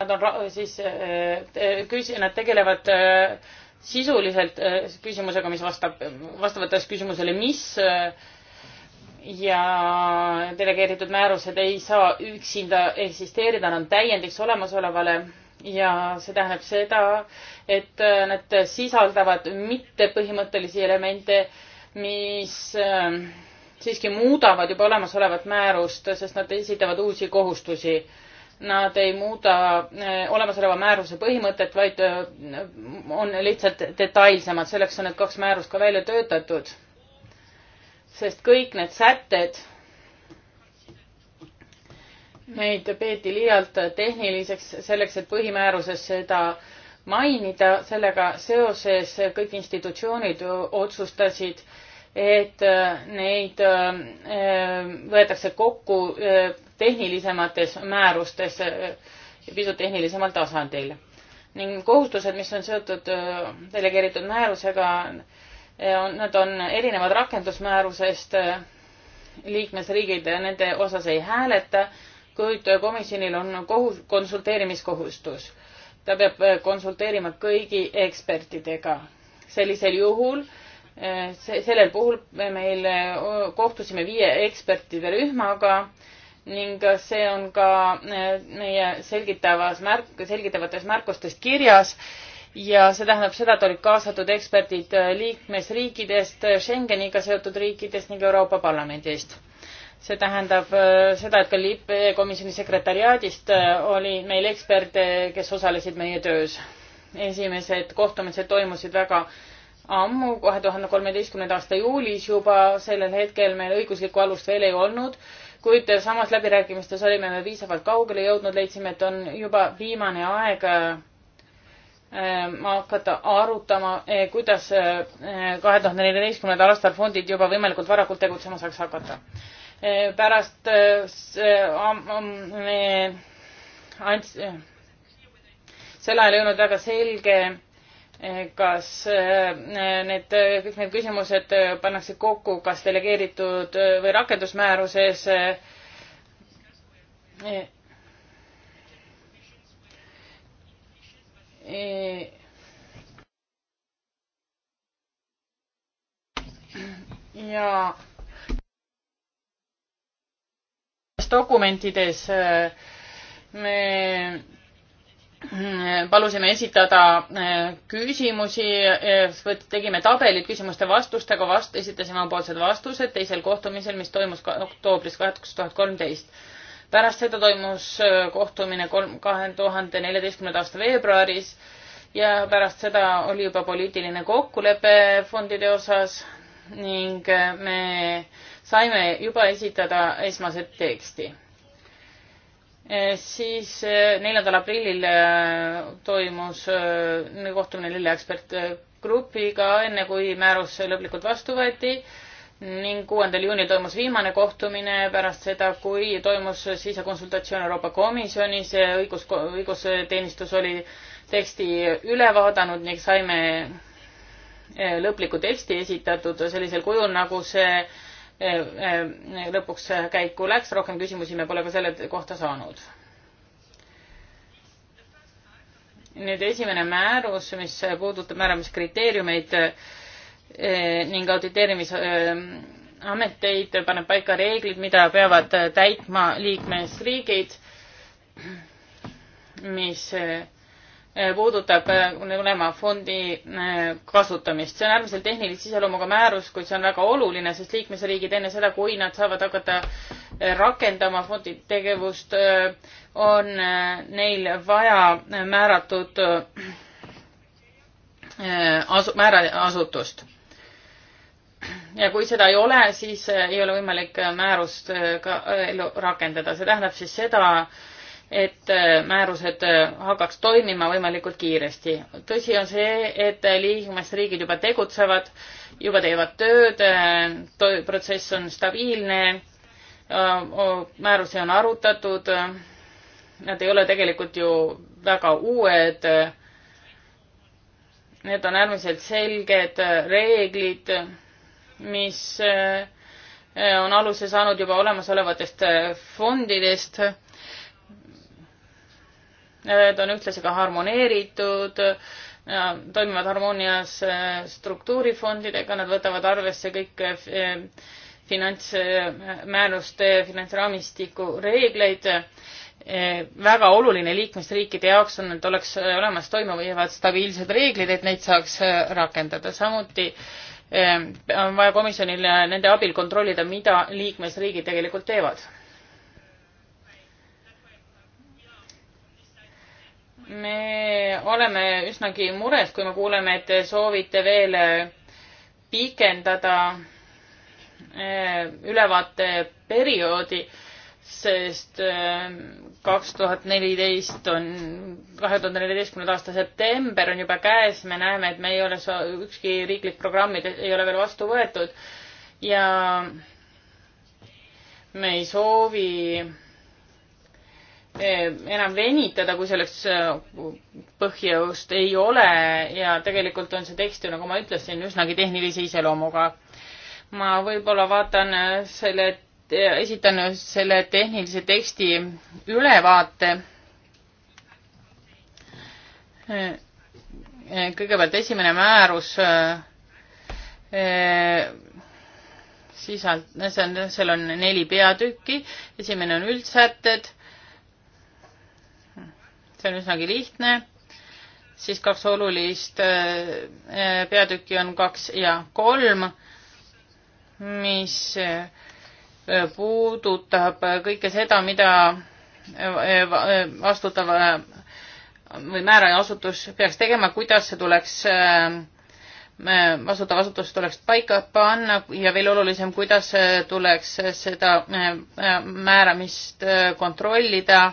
nad on siis äh, äh, küsi-, nad tegelevad äh, sisuliselt küsimusega, mis vastab, vastavates küsimusele, mis ja delegeeritud määrused ei saa üksinda eksisteerida, nad on täiendiks olemasolevale ja see tähendab seda, et nad sisaldavad mittepõhimõttelisi elemente, mis siiski muudavad juba olemasolevat määrust, sest nad esitavad uusi kohustusi nad ei muuda eh, olemasoleva määruse põhimõtet, vaid eh, on lihtsalt detailsemad, selleks on need kaks määrust ka välja töötatud. sest kõik need sätted, neid peeti liialt tehniliseks selleks, et põhimääruses seda mainida, sellega seoses kõik institutsioonid otsustasid, et eh, neid võetakse kokku tehnilisemates määrustes äh, pisut tehnilisemal tasandil. ning kohustused, mis on seotud äh, delegeeritud määrusega, äh, on, nad on erinevad rakendusmäärusest, liikmesriigid nende osas ei hääleta, kuid komisjonil on kohus, konsulteerimiskohustus. ta peab konsulteerima kõigi ekspertidega. sellisel juhul, sellel puhul meil kohtusime viie ekspertide rühmaga ning see on ka eh, meie selgitavas märk, selgitavates märkustes kirjas ja see tähendab seda, et olid kaasatud eksperdid eh, liikmesriikidest, eh, Schengeniga seotud riikidest ning Euroopa Parlamendist. see tähendab seda, et ka liipekomisjoni sekretariaadist oli meil eksperte, kes osalesid meie töös. esimesed kohtumised toimusid väga äh, ammu, kahe tuhande kolmeteistkümnenda aasta juulis juba, sellel hetkel meil õiguslikku alust veel ei olnud, kuid samas läbirääkimistes olime me piisavalt kaugele jõudnud, leidsime, et on juba viimane aeg äh, hakata arutama, äh, kuidas äh, kahe tuhande neljateistkümnendal aastal fondid juba võimalikult varakult tegutsema saaks hakata. pärast me andsime, sel ajal ei olnud väga selge kas eh, need, kõik need küsimused pannakse kokku, kas delegeeritud või rakendusmääruses eh, ja dokumentides eh, me Mm, palusime esitada äh, küsimusi, äh, tegime tabelid küsimuste-vastustega, vast-, esitasime omapoolsed vastused teisel kohtumisel, mis toimus ka oktoobris kaks tuhat kolmteist. pärast seda toimus äh, kohtumine kolm, kahe tuhande neljateistkümnenda aasta veebruaris ja pärast seda oli juba poliitiline kokkulepe fondide osas ning me saime juba esitada esmase teksti Eh, siis eh, neljandal aprillil eh, toimus kohtumine Lille ekspertgrupiga, enne kui määrus lõplikult vastu võeti ning kuuendal juunil toimus viimane kohtumine pärast seda, kui toimus sisekonsultatsioon Euroopa Komisjonis, õigus, õigusteenistus oli teksti üle vaadanud ning saime lõpliku teksti esitatud sellisel kujul, nagu see Äh, äh, lõpuks käiku läks, rohkem küsimusi me pole ka selle kohta saanud. nüüd esimene määrus, mis puudutab määramiskriteeriumeid äh, ning auditeerimisameteid, paneb paika reeglid, mida peavad täitma liikmesriigid, mis Äh, puudutab äh, mõlema fondi äh, kasutamist. see on äärmiselt tehnilise iseloomuga määrus, kuid see on väga oluline, sest liikmesriigid enne seda, kui nad saavad hakata rakendama fondi tegevust, on neil vaja määratud asu-, määra asutust. ja kui seda ei ole, siis ei ole võimalik määrust ka ellu rakendada. see tähendab siis seda, et äh, määrused äh, hakkaks toimima võimalikult kiiresti. tõsi on see, et äh, liikmesriigid juba tegutsevad, juba teevad tööd, protsess on stabiilne, määrusi on arutatud, nad ei ole tegelikult ju väga uued, need on äärmiselt selged reeglid, mis on aluse saanud juba olemasolevatest fondidest Need on ühtlasi ka harmoneeritud, toimivad harmoonias äh, struktuurifondidega, nad võtavad arvesse kõik äh, äh, finantsmääruste, finantsraamistiku reegleid. väga oluline liikmesriikide jaoks on, et oleks olemas toimuvad stabiilsed reeglid, et neid saaks rakendada. samuti on vaja komisjonil nende abil kontrollida, mida liikmesriigid tegelikult teevad me oleme üsnagi mures, kui me kuuleme, et te soovite veel pikendada eh, ülevaate perioodi, sest eh, kaks tuhat neliteist on, kahe tuhande neljateistkümnenda aasta september on juba käes, me näeme, et me ei ole, ükski riiklik programm ei ole veel vastu võetud ja me ei soovi Eh, enam venitada, kui selleks eh, põhjust ei ole ja tegelikult on see tekst ju, nagu ma ütlesin, üsnagi tehnilise iseloomuga. ma võib-olla vaatan eh, selle, esitan selle tehnilise teksti ülevaate. kõigepealt esimene määrus sisalt-, see on, seal on neli peatükki, esimene on üldsätted see on üsnagi lihtne, siis kaks olulist äh, peatükki on kaks ja kolm, mis äh, puudutab kõike seda, mida äh, vastutav või määraja asutus peaks tegema, kuidas see tuleks, vastutav asutus tuleks paika panna ja veel olulisem, kuidas tuleks seda määramist kontrollida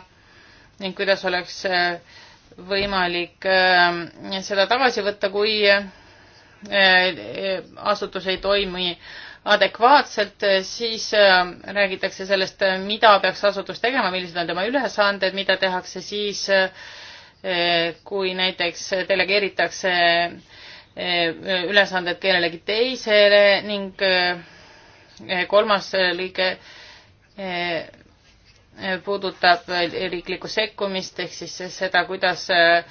ning kuidas oleks äh, võimalik äh, seda tagasi võtta, kui äh, asutus ei toimi adekvaatselt, siis räägitakse sellest, mida peaks asutus tegema, millised on tema ülesanded, mida tehakse siis, kui näiteks delegeeritakse ülesanded kellelegi teisele ning kolmas lõige puudutab riiklikku sekkumist ehk siis seda, kuidas äh,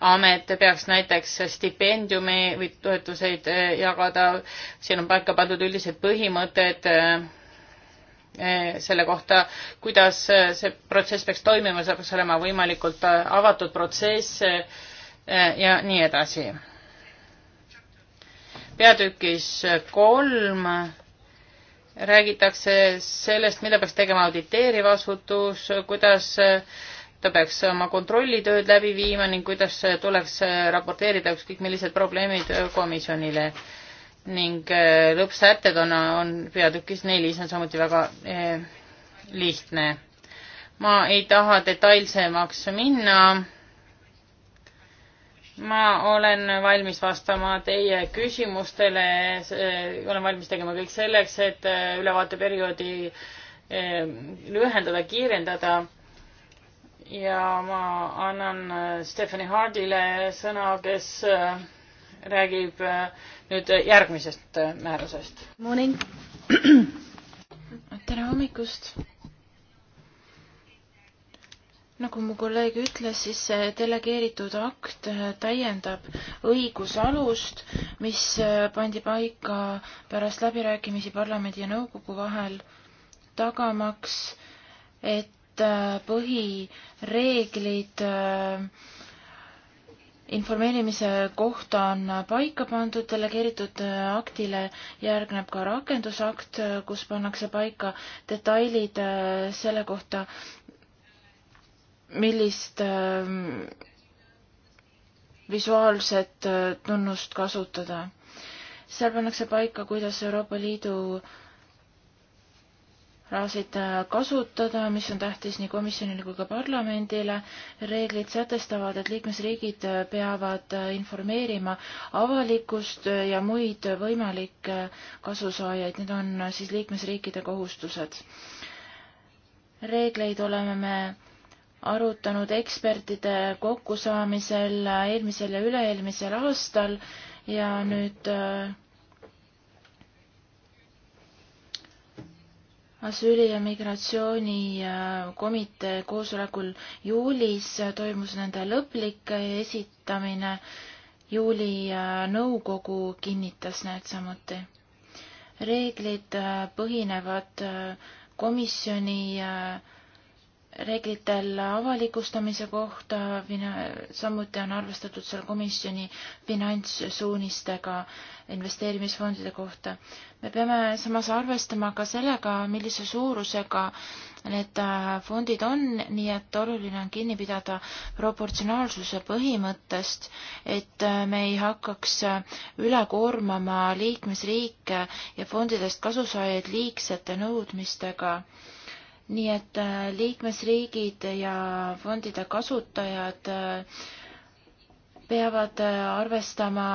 amet peaks näiteks stipendiumi või toetuseid äh, jagada. siin on paika pandud üldised põhimõtted äh, selle kohta, kuidas see protsess peaks toimima, see peaks olema võimalikult avatud protsess ja nii edasi. peatükis kolm räägitakse sellest, mida peaks tegema auditeeriv asutus, kuidas ta peaks oma kontrollitööd läbi viima ning kuidas tuleks raporteerida ükskõik millised probleemid komisjonile. ning eh, lõppsätted on, on peatükis neli, see on samuti väga eh, lihtne. ma ei taha detailsemaks minna ma olen valmis vastama teie küsimustele, olen valmis tegema kõik selleks, et äh, ülevaateperioodi äh, lühendada, kiirendada. ja ma annan äh, Stephanie Hardile sõna, kes räägib nüüd järgmisest määrusest. tere hommikust nagu mu kolleeg ütles, siis see delegeeritud akt äh, täiendab õigusalust, mis äh, pandi paika pärast läbirääkimisi parlamendi ja nõukogu vahel, tagamaks, et äh, põhireeglid informeerimise kohta on paika pandud, delegeeritud aktile järgneb ka rakendusakt, kus pannakse paika detailid selle kohta, millist ähm, visuaalset äh, tunnust kasutada. seal pannakse paika, kuidas Euroopa Liidu rahasid äh, kasutada, mis on tähtis nii komisjonile kui ka parlamendile. reeglid sätestavad, et liikmesriigid äh, peavad informeerima avalikkust ja muid võimalikke kasusaajaid, need on siis liikmesriikide kohustused. reegleid oleme me arutanud ekspertide kokkusaamisel eelmisel ja üle-eelmisel aastal ja nüüd äh, asüüli ja migratsioonikomitee äh, koosolekul juulis toimus nende lõplik esitamine. juuli äh, nõukogu kinnitas need samuti. reeglid põhinevad komisjoni äh, reeglitel avalikustamise kohta, samuti on arvestatud seal komisjoni finantssuunistega investeerimisfondide kohta. me peame samas arvestama ka sellega, millise suurusega need äh, fondid on, nii et oluline on kinni pidada proportsionaalsuse põhimõttest, et äh, me ei hakkaks äh, üle koormama liikmesriike ja fondidest kasusaajaid liigsete nõudmistega nii et äh, liikmesriigid ja fondide kasutajad äh, peavad äh, arvestama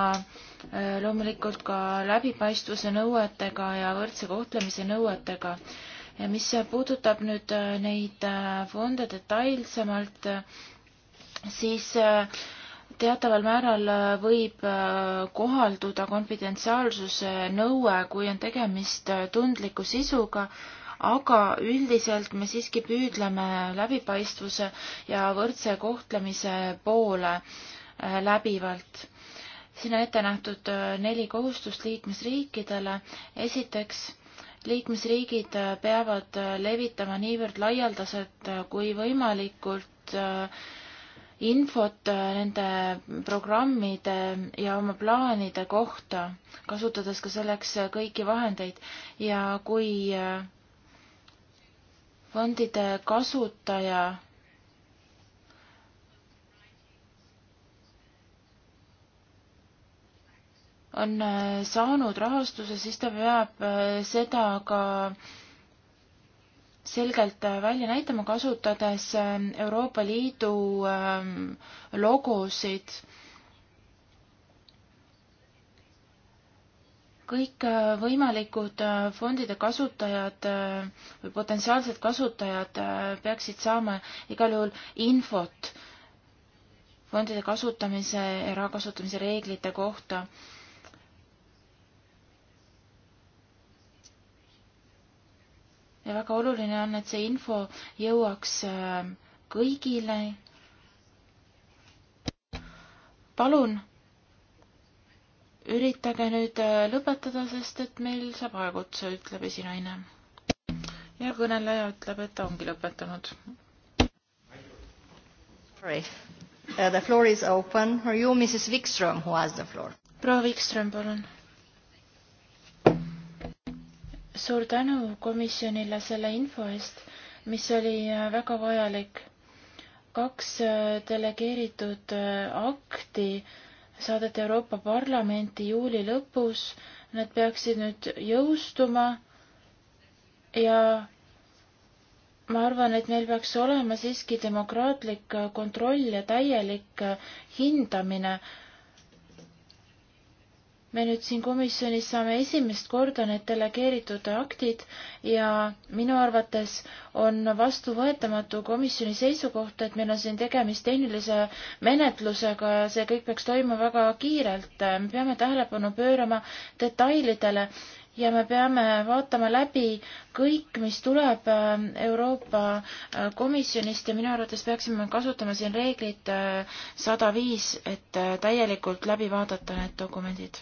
loomulikult ka läbipaistvuse nõuetega ja võrdse kohtlemise nõuetega. mis puudutab nüüd neid fonde detailsemalt, siis teataval määral võib kohalduda konfidentsiaalsuse nõue, kui on tegemist tundliku sisuga aga üldiselt me siiski püüdleme läbipaistvuse ja võrdse kohtlemise poole äh, läbivalt. siin on ette nähtud äh, neli kohustust liikmesriikidele. esiteks, liikmesriigid äh, peavad levitama niivõrd laialdaselt kui võimalikult infot nende programmide ja oma plaanide kohta, kasutades ka selleks kõiki vahendeid ja kui fondide kasutaja on äh, saanud rahastuse, siis ta peab äh, seda ka selgelt äh, välja näitama, kasutades Euroopa Liidu ähm, logosid kõik äh, võimalikud äh, fondide kasutajad äh, või potentsiaalsed kasutajad peaksid saama igal juhul infot fondide kasutamise ja raha kasutamise reeglite kohta. ja väga oluline on, et see info jõuaks kõigile. palun üritage nüüd äh, lõpetada, sest et meil saab aeg otsa, ütleb esinaine. ja kõneleja ütleb, et ta ongi lõpetanud. Sorry. Uh, the floor is open. Are you Mrs. Wikström who has the floor? proua Wikström, palun. suur tänu komisjonile selle info eest, mis oli äh, väga vajalik. kaks äh, delegeeritud akti äh, saadeti Euroopa Parlamenti juuli lõpus, nad peaksid nüüd jõustuma ja ma arvan, et meil peaks olema siiski demokraatlik kontroll ja täielik hindamine me nüüd siin komisjonis saame esimest korda need delegeeritud aktid ja minu arvates on vastuvõetamatu komisjoni seisukoht, et meil on siin tegemist tehnilise menetlusega ja see kõik peaks toimuma väga kiirelt. me peame tähelepanu pöörama detailidele ja me peame vaatama läbi kõik, mis tuleb äh, Euroopa äh, Komisjonist ja minu arvates peaksime kasutama siin reeglit äh, sada viis, et täielikult läbi vaadata need dokumendid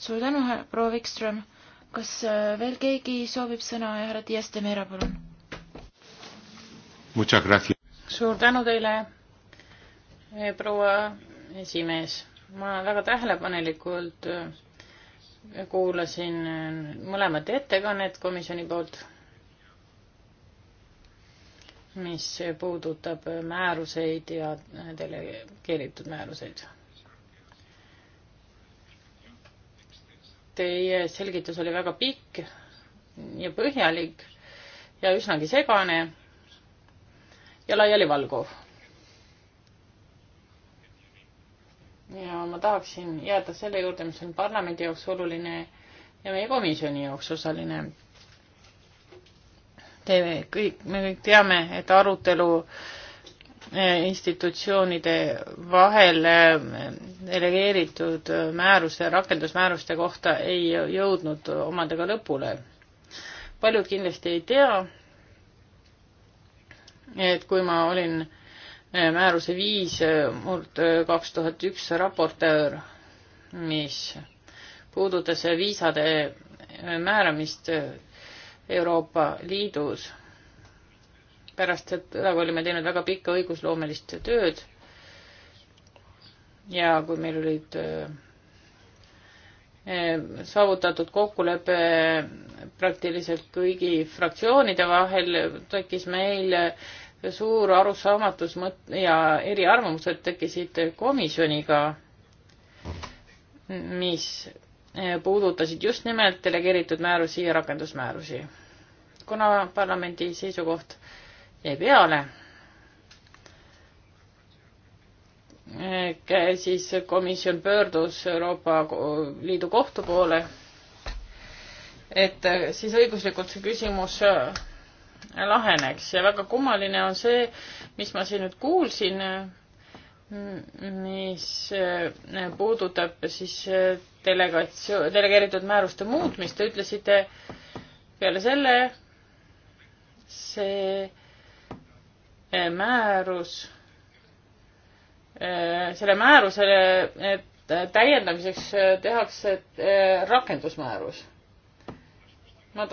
suur tänu, proua Wikström. kas äh, veel keegi soovib sõna ja härra Dias de Mera, palun? suur tänu teile, eh, proua esimees. ma väga tähelepanelikult äh, kuulasin äh, mõlemat ettekannet komisjoni poolt, mis puudutab määruseid ja delegeeritud määruseid Teie selgitus oli väga pikk ja põhjalik ja üsnagi segane ja laialivalguv. ja ma tahaksin jääda selle juurde, mis on parlamendi jaoks oluline ja meie komisjoni jaoks osaline. Te kõik, me kõik teame, et arutelu äh, institutsioonide vahel eh, delegeeritud määruse, rakendusmääruste kohta ei jõudnud omadega lõpule. paljud kindlasti ei tea, et kui ma olin eh, määruse viis eh, murd kaks tuhat üks raportöör, mis puudutas viisade määramist Euroopa Liidus pärast seda, kui olime teinud väga pikka õigusloomelist tööd ja kui meil olid äh, äh, saavutatud kokkulepe praktiliselt kõigi fraktsioonide vahel, tekkis meil suur arusaamatus mõt- ja eriarvamused tekkisid komisjoniga, mis äh, puudutasid just nimelt delegeeritud määrusi ja rakendusmäärusi. kuna parlamendi seisukoht peale. siis komisjon pöördus Euroopa Liidu kohtu poole, et siis õiguslikult see küsimus äh, laheneks ja väga kummaline on see, mis ma siin nüüd kuulsin, mis äh, puudutab siis äh, delegatsioon, delegeeritud määruste muutmist, te ütlesite peale selle, see määrus, äh, selle määrusele täiendamiseks äh, tehakse äh, rakendusmäärus. ma,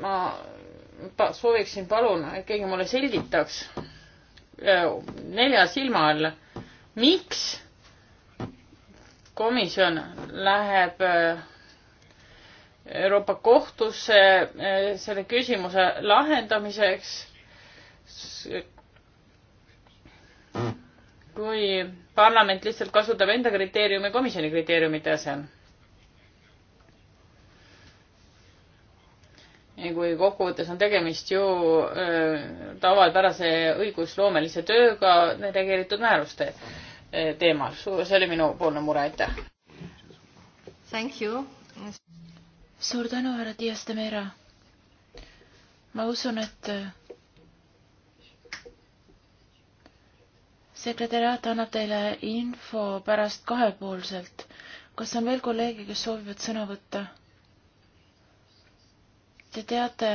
ma pa, sooviksin, palun, et keegi mulle selgitaks nelja silma all, miks komisjon läheb Euroopa Kohtusse selle küsimuse lahendamiseks kui parlament lihtsalt kasutab enda kriteeriume komisjoni kriteeriumite asemel. kui kokkuvõttes on tegemist ju tavapärase õigusloomelise tööga reguleeritud määruste teemal. see oli minupoolne mure, aitäh. Thank you. suur tänu, härra Dias de Mera. ma usun, et sekretäriaat annab teile info pärast kahepoolselt. kas on veel kolleege, kes soovivad sõna võtta? Te teate,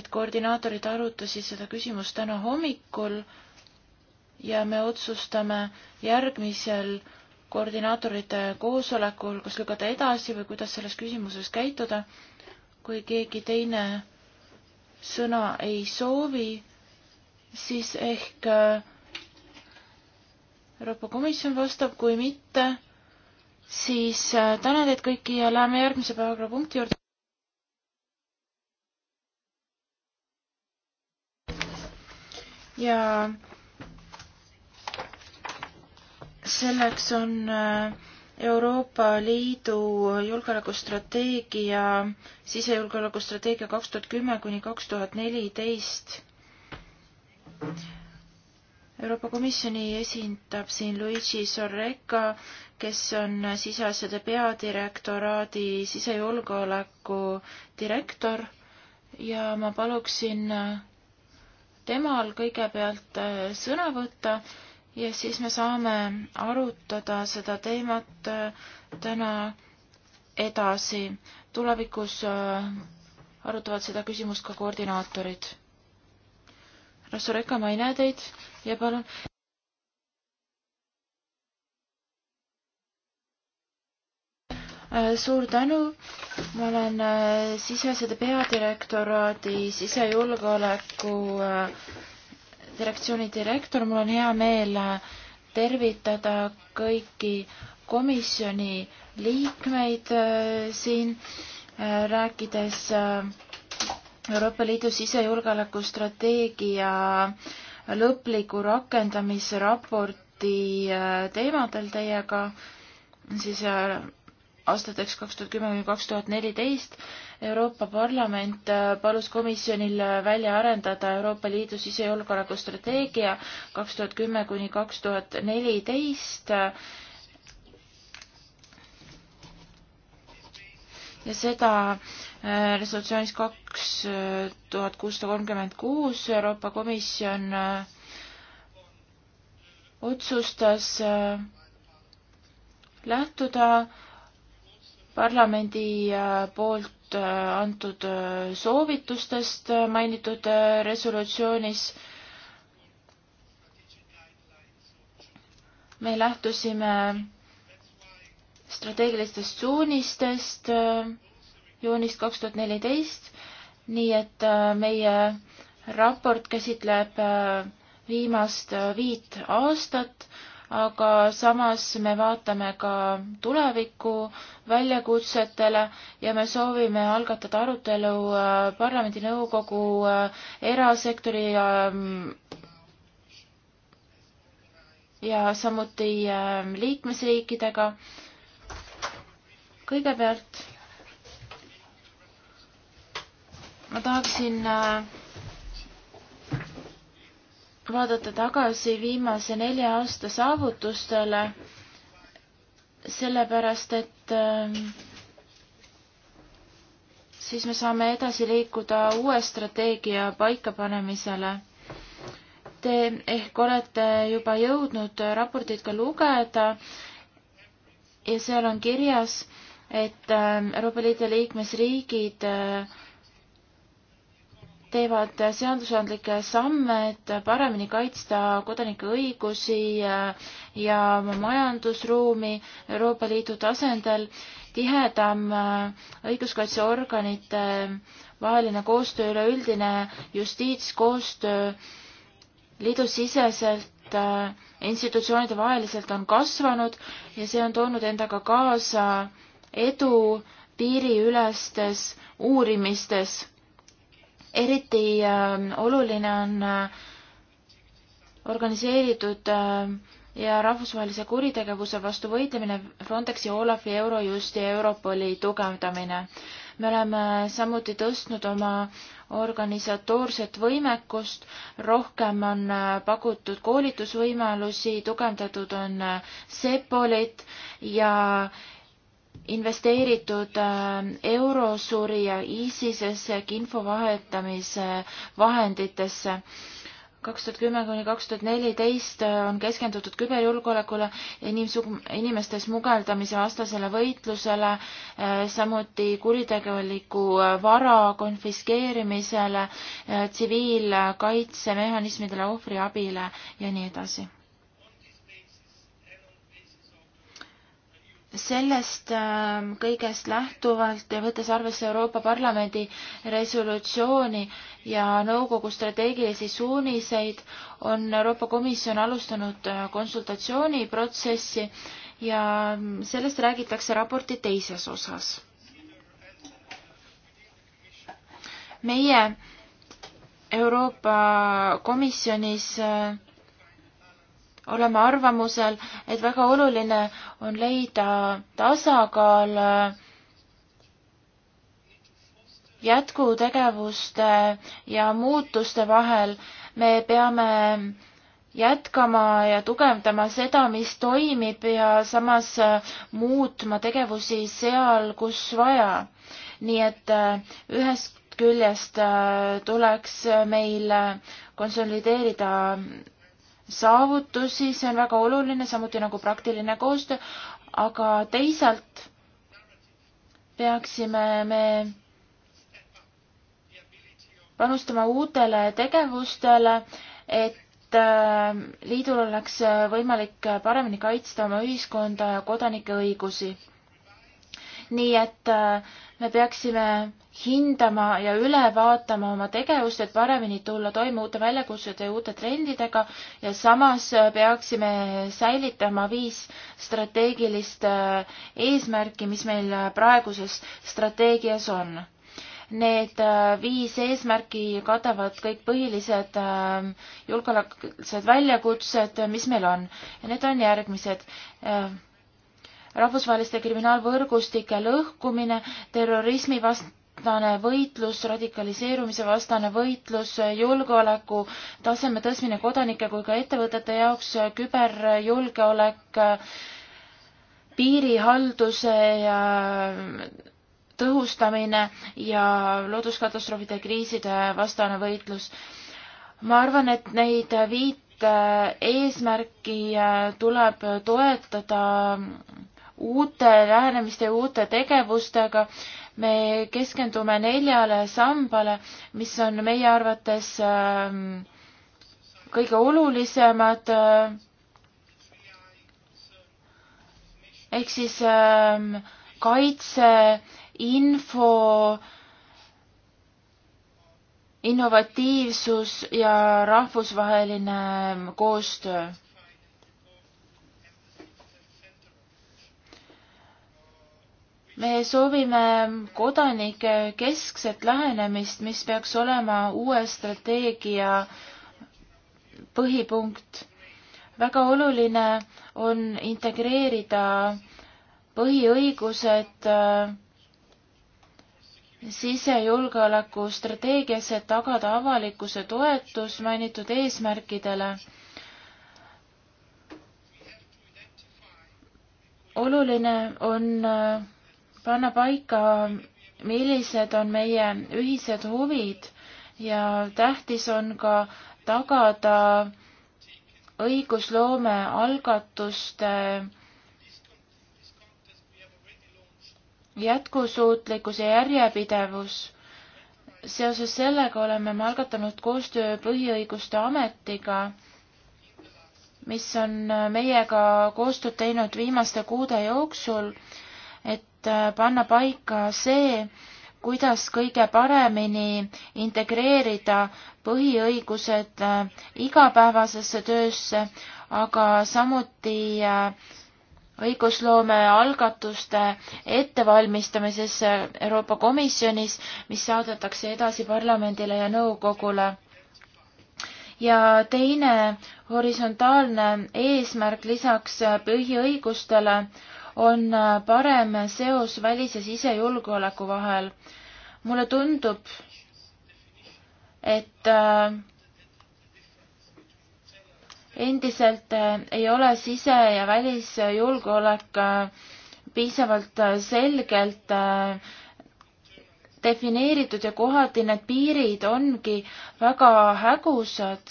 et koordinaatorid arutasid seda küsimust täna hommikul ja me otsustame järgmisel koordinaatorite koosolekul, kas lükata edasi või kuidas selles küsimuses käituda. kui keegi teine sõna ei soovi, siis ehk äh, Euroopa Komisjon vastab, kui mitte, siis äh, tänan teid kõiki ja läheme järgmise päevakorrapunkti juurde. ja selleks on äh, Euroopa Liidu julgeolekustrateegia, sisejulgeolekustrateegia kaks tuhat kümme kuni kaks tuhat neliteist Euroopa Komisjoni esindab siin Luigi Sorreca, kes on siseasjade peadirektoraadi sisejulgeoleku direktor ja ma paluksin temal kõigepealt sõna võtta ja siis me saame arutada seda teemat täna edasi. tulevikus arutavad seda küsimust ka koordinaatorid Rassureka, ma ei näe teid ja palun. Äh, suur tänu, ma olen äh, siseasjade peadirektoraadi sisejulgeoleku äh, direktsiooni direktor, mul on hea meel tervitada kõiki komisjoni liikmeid siin, rääkides äh, Euroopa Liidu sisejulgeolekustrateegia lõpliku rakendamisraporti äh, teemadel teiega siis äh, aastateks kaks tuhat kümme kuni kaks tuhat neliteist Euroopa Parlament äh, palus komisjonil välja arendada Euroopa Liidu sisejulgeolekustrateegia kaks tuhat kümme kuni kaks tuhat neliteist ja seda äh, resolutsioonis kaks äh, tuhat kuussada kolmkümmend kuus Euroopa Komisjon äh, otsustas lähtuda parlamendi poolt antud soovitustest mainitud resolutsioonis. me lähtusime strateegilistest suunistest äh, juunist kaks tuhat neliteist, nii et äh, meie raport käsitleb äh, viimast viit aastat, aga samas me vaatame ka tuleviku väljakutsetele ja me soovime algatada arutelu parlamendi nõukogu erasektori ja ja samuti liikmesriikidega äh, kõigepealt ma tahaksin äh, vaadata tagasi viimase nelja aasta saavutustele, sellepärast et äh, siis me saame edasi liikuda uue strateegia paikapanemisele. Te ehk olete juba jõudnud raportit ka lugeda ja seal on kirjas, et ähm, Euroopa Liidu liikmesriigid äh, teevad seadusandlikke samme, et paremini kaitsta kodanike õigusi äh, ja majandusruumi Euroopa Liidu tasandil. tihedam äh, õiguskaitseorganite vaheline koostöö, üleüldine justiitskoostöö liidusiseselt institutsioonide vaheliselt on kasvanud ja see on toonud endaga kaasa edu piiriülestes uurimistes. eriti ähm, oluline on äh, organiseeritud äh, ja rahvusvahelise kuritegevuse vastu võitlemine, Frontexi, Olafi, Eurojusti ja Europoli tugevdamine. me oleme samuti tõstnud oma organisatoorset võimekust, rohkem on äh, pakutud koolitusvõimalusi, tugevdatud on Sepolit ja investeeritud äh, Eurosuri ja ISISesse ehk info vahetamise vahenditesse. kaks tuhat kümme kuni kaks tuhat neliteist äh, on keskendutud küberjulgeolekule ja inimeste smugeldamise vastasele võitlusele, äh, samuti kuritegeliku vara konfiskeerimisele, tsiviilkaitsemehhanismidele, ohvriabile ja nii edasi sellest ähm, kõigest lähtuvalt ja võttes arvesse Euroopa Parlamendi resolutsiooni ja nõukogu strateegilisi suuniseid, on Euroopa Komisjon alustanud äh, konsultatsiooniprotsessi ja ähm, sellest räägitakse raporti teises osas. meie Euroopa Komisjonis äh, oleme arvamusel, et väga oluline on leida tasakaal äh, jätkutegevuste ja muutuste vahel. me peame jätkama ja tugevdama seda, mis toimib ja samas äh, muutma tegevusi seal, kus vaja. nii et äh, ühest küljest tuleks meil konsolideerida saavutusi, see on väga oluline, samuti nagu praktiline koostöö, aga teisalt peaksime me panustama uutele tegevustele, et äh, liidul oleks võimalik paremini kaitsta oma ühiskonda ja kodanike õigusi. nii et äh, me peaksime hindama ja üle vaatama oma tegevust, et paremini tulla toime uute väljakutsete ja uute trendidega ja samas peaksime säilitama viis strateegilist äh, eesmärki, mis meil praeguses strateegias on. Need äh, viis eesmärki katavad kõik põhilised äh, julgeolekud väljakutsed, mis meil on ja need on järgmised rahvusvaheliste kriminaalvõrgustike lõhkumine, terrorismi vast-, vastane võitlus, radikaliseerumise vastane võitlus, julgeoleku taseme tõstmine kodanike kui ka ettevõtete jaoks, küberjulgeolek, piirihalduse ja tõhustamine ja looduskatastroofide ja kriiside vastane võitlus. ma arvan, et neid viit äh, eesmärki äh, tuleb toetada uute lähenemiste ja uute tegevustega me keskendume neljale sambale, mis on meie arvates ähm, kõige olulisemad. ehk siis ähm, kaitse, info, innovatiivsus ja rahvusvaheline koostöö me soovime kodanike keskset lähenemist, mis peaks olema uue strateegia põhipunkt. väga oluline on integreerida põhiõigused äh, sisejulgeoleku strateegias, et tagada avalikkuse toetus mainitud eesmärkidele. oluline on äh, panna paika, millised on meie ühised huvid ja tähtis on ka tagada õigusloome algatuste jätkusuutlikkus ja järjepidevus. seoses sellega oleme me algatanud koostöö Põhiõiguste Ametiga, mis on meiega koostööd teinud viimaste kuude jooksul Äh, panna paika see, kuidas kõige paremini integreerida põhiõigused äh, igapäevasesse töösse, aga samuti äh, õigusloome algatuste ettevalmistamises Euroopa Komisjonis, mis saadetakse edasi parlamendile ja nõukogule. ja teine horisontaalne eesmärk lisaks põhiõigustele on äh, parem seos välis- ja sisejulgeoleku vahel. mulle tundub, et äh, endiselt äh, ei ole sise- ja välisjulgeolek piisavalt selgelt defineeritud ja kohati need piirid ongi väga hägusad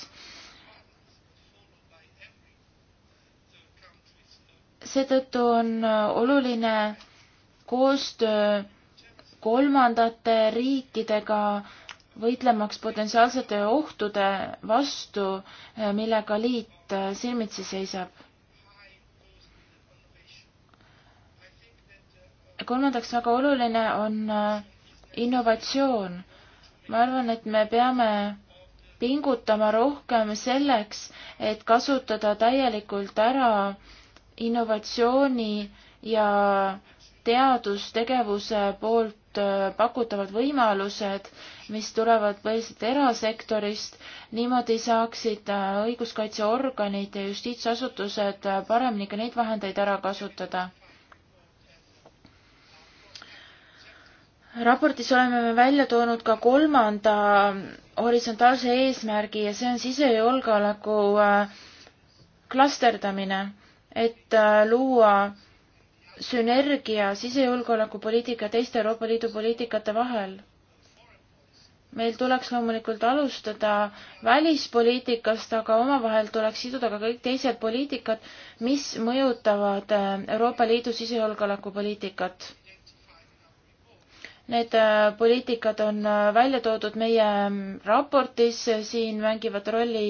seetõttu on äh, oluline koostöö kolmandate riikidega, võitlemaks potentsiaalsete ohtude vastu, äh, millega liit äh, silmitsi seisab. kolmandaks väga oluline on innovatsioon. ma arvan, et me peame pingutama rohkem selleks, et kasutada täielikult ära äh, innovatsiooni ja teadustegevuse poolt äh, pakutavad võimalused, mis tulevad põhiliselt erasektorist, niimoodi saaksid äh, õiguskaitseorganid ja justiitsasutused äh, paremini ka neid vahendeid ära kasutada. raportis oleme me välja toonud ka kolmanda horisontaalse eesmärgi ja see on sisejulgeoleku klasterdamine et äh, luua sünergia sisejulgeolekupoliitika ja teiste Euroopa Liidu poliitikate vahel. meil tuleks loomulikult alustada välispoliitikast, aga omavahel tuleks siduda ka kõik teised poliitikad, mis mõjutavad äh, Euroopa Liidu sisejulgeolekupoliitikat. Need äh, poliitikad on välja toodud meie mm, raportis, siin mängivad rolli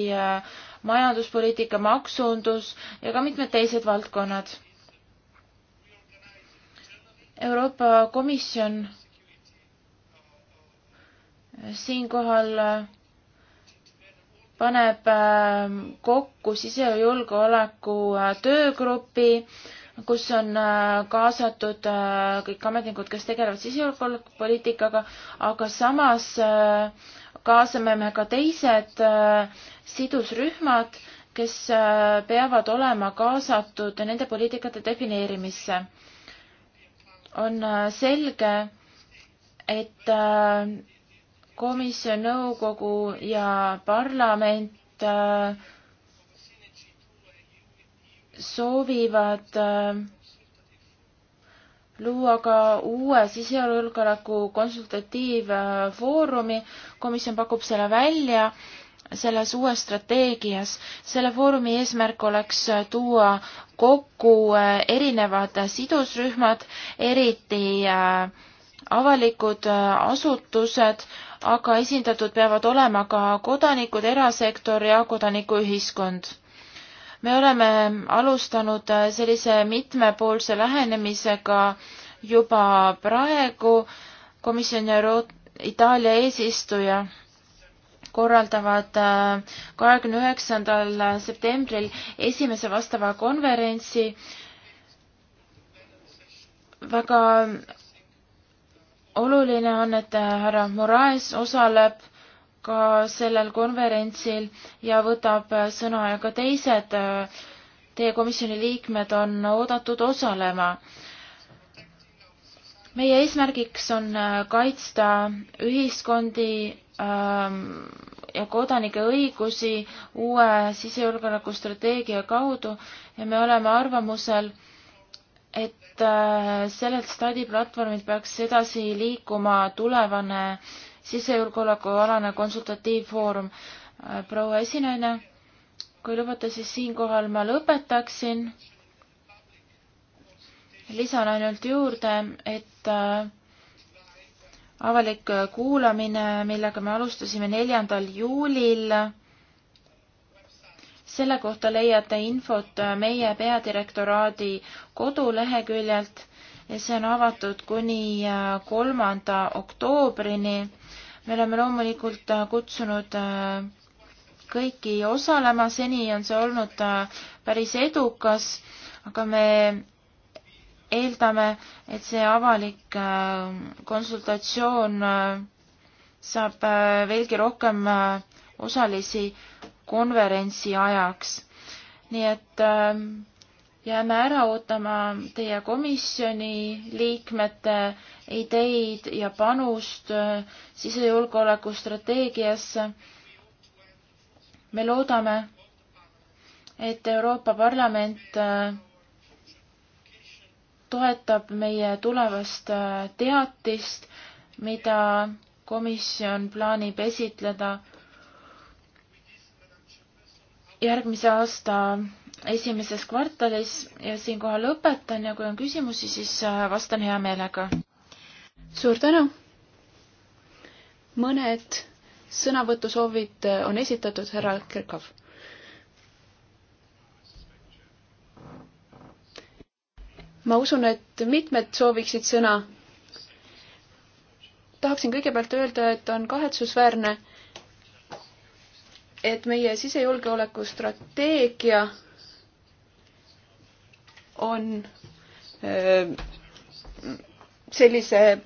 majanduspoliitika, maksundus ja ka mitmed teised valdkonnad. Euroopa Komisjon siinkohal paneb ähm, kokku sisejulgeoleku äh, töögrupi, kus on äh, kaasatud äh, kõik ametnikud, kes tegelevad sisejulgeolekupoliitikaga, aga samas äh, kaasame me ka teised äh, sidusrühmad, kes äh, peavad olema kaasatud nende poliitikate defineerimisse. on äh, selge, et komisjon, nõukogu ja parlament soovivad äh, luua ka uue sisejulgeoleku konsultatiivfoorumi, komisjon pakub selle välja selles uues strateegias. selle foorumi eesmärk oleks tuua kokku äh, erinevad sidusrühmad, eriti äh, avalikud äh, asutused, aga esindatud peavad olema ka kodanikud, erasektor ja kodanikuühiskond me oleme alustanud äh, sellise mitmepoolse lähenemisega juba praegu. komisjon ja Euro Itaalia eesistuja korraldavad äh, kahekümne üheksandal septembril esimese vastava konverentsi. väga oluline on, et äh, härra Moraes osaleb ka sellel konverentsil ja võtab sõna ja ka teised teie komisjoni liikmed on oodatud osalema. meie eesmärgiks on äh, kaitsta ühiskondi ähm, ja kodanike õigusi uue sisejulgeolekustrateegia kaudu ja me oleme arvamusel, et äh, sellelt stadiplatvormilt peaks edasi liikuma tulevane äh, sisejulgeolekualane konsultatiivfoorum. proua esinaine, kui lubate, siis siinkohal ma lõpetaksin. lisan ainult juurde, et äh, avalik kuulamine, millega me alustasime neljandal juulil, selle kohta leiate infot meie peadirektoraadi koduleheküljelt ja see on avatud kuni äh, kolmanda oktoobrini me oleme loomulikult äh, kutsunud äh, kõiki osalema, seni on see olnud äh, päris edukas, aga me eeldame, et see avalik konsultatsioon saab veelgi rohkem osalisi konverentsi ajaks. nii et jääme ära ootama teie komisjoni liikmete ideid ja panust äh, sisejulgeoleku strateegiasse. me loodame, et Euroopa Parlament äh, toetab meie tulevast äh, teatist, mida komisjon plaanib esitleda järgmise aasta esimeses kvartalis ja siinkohal lõpetan ja kui on küsimusi, siis vastan hea meelega suur tänu. mõned sõnavõtusoovid äh, on esitatud, härra Kirkov. ma usun, et mitmed sooviksid sõna. tahaksin kõigepealt öelda, et on kahetsusväärne, et meie sisejulgeoleku strateegia on öö, äh, sellise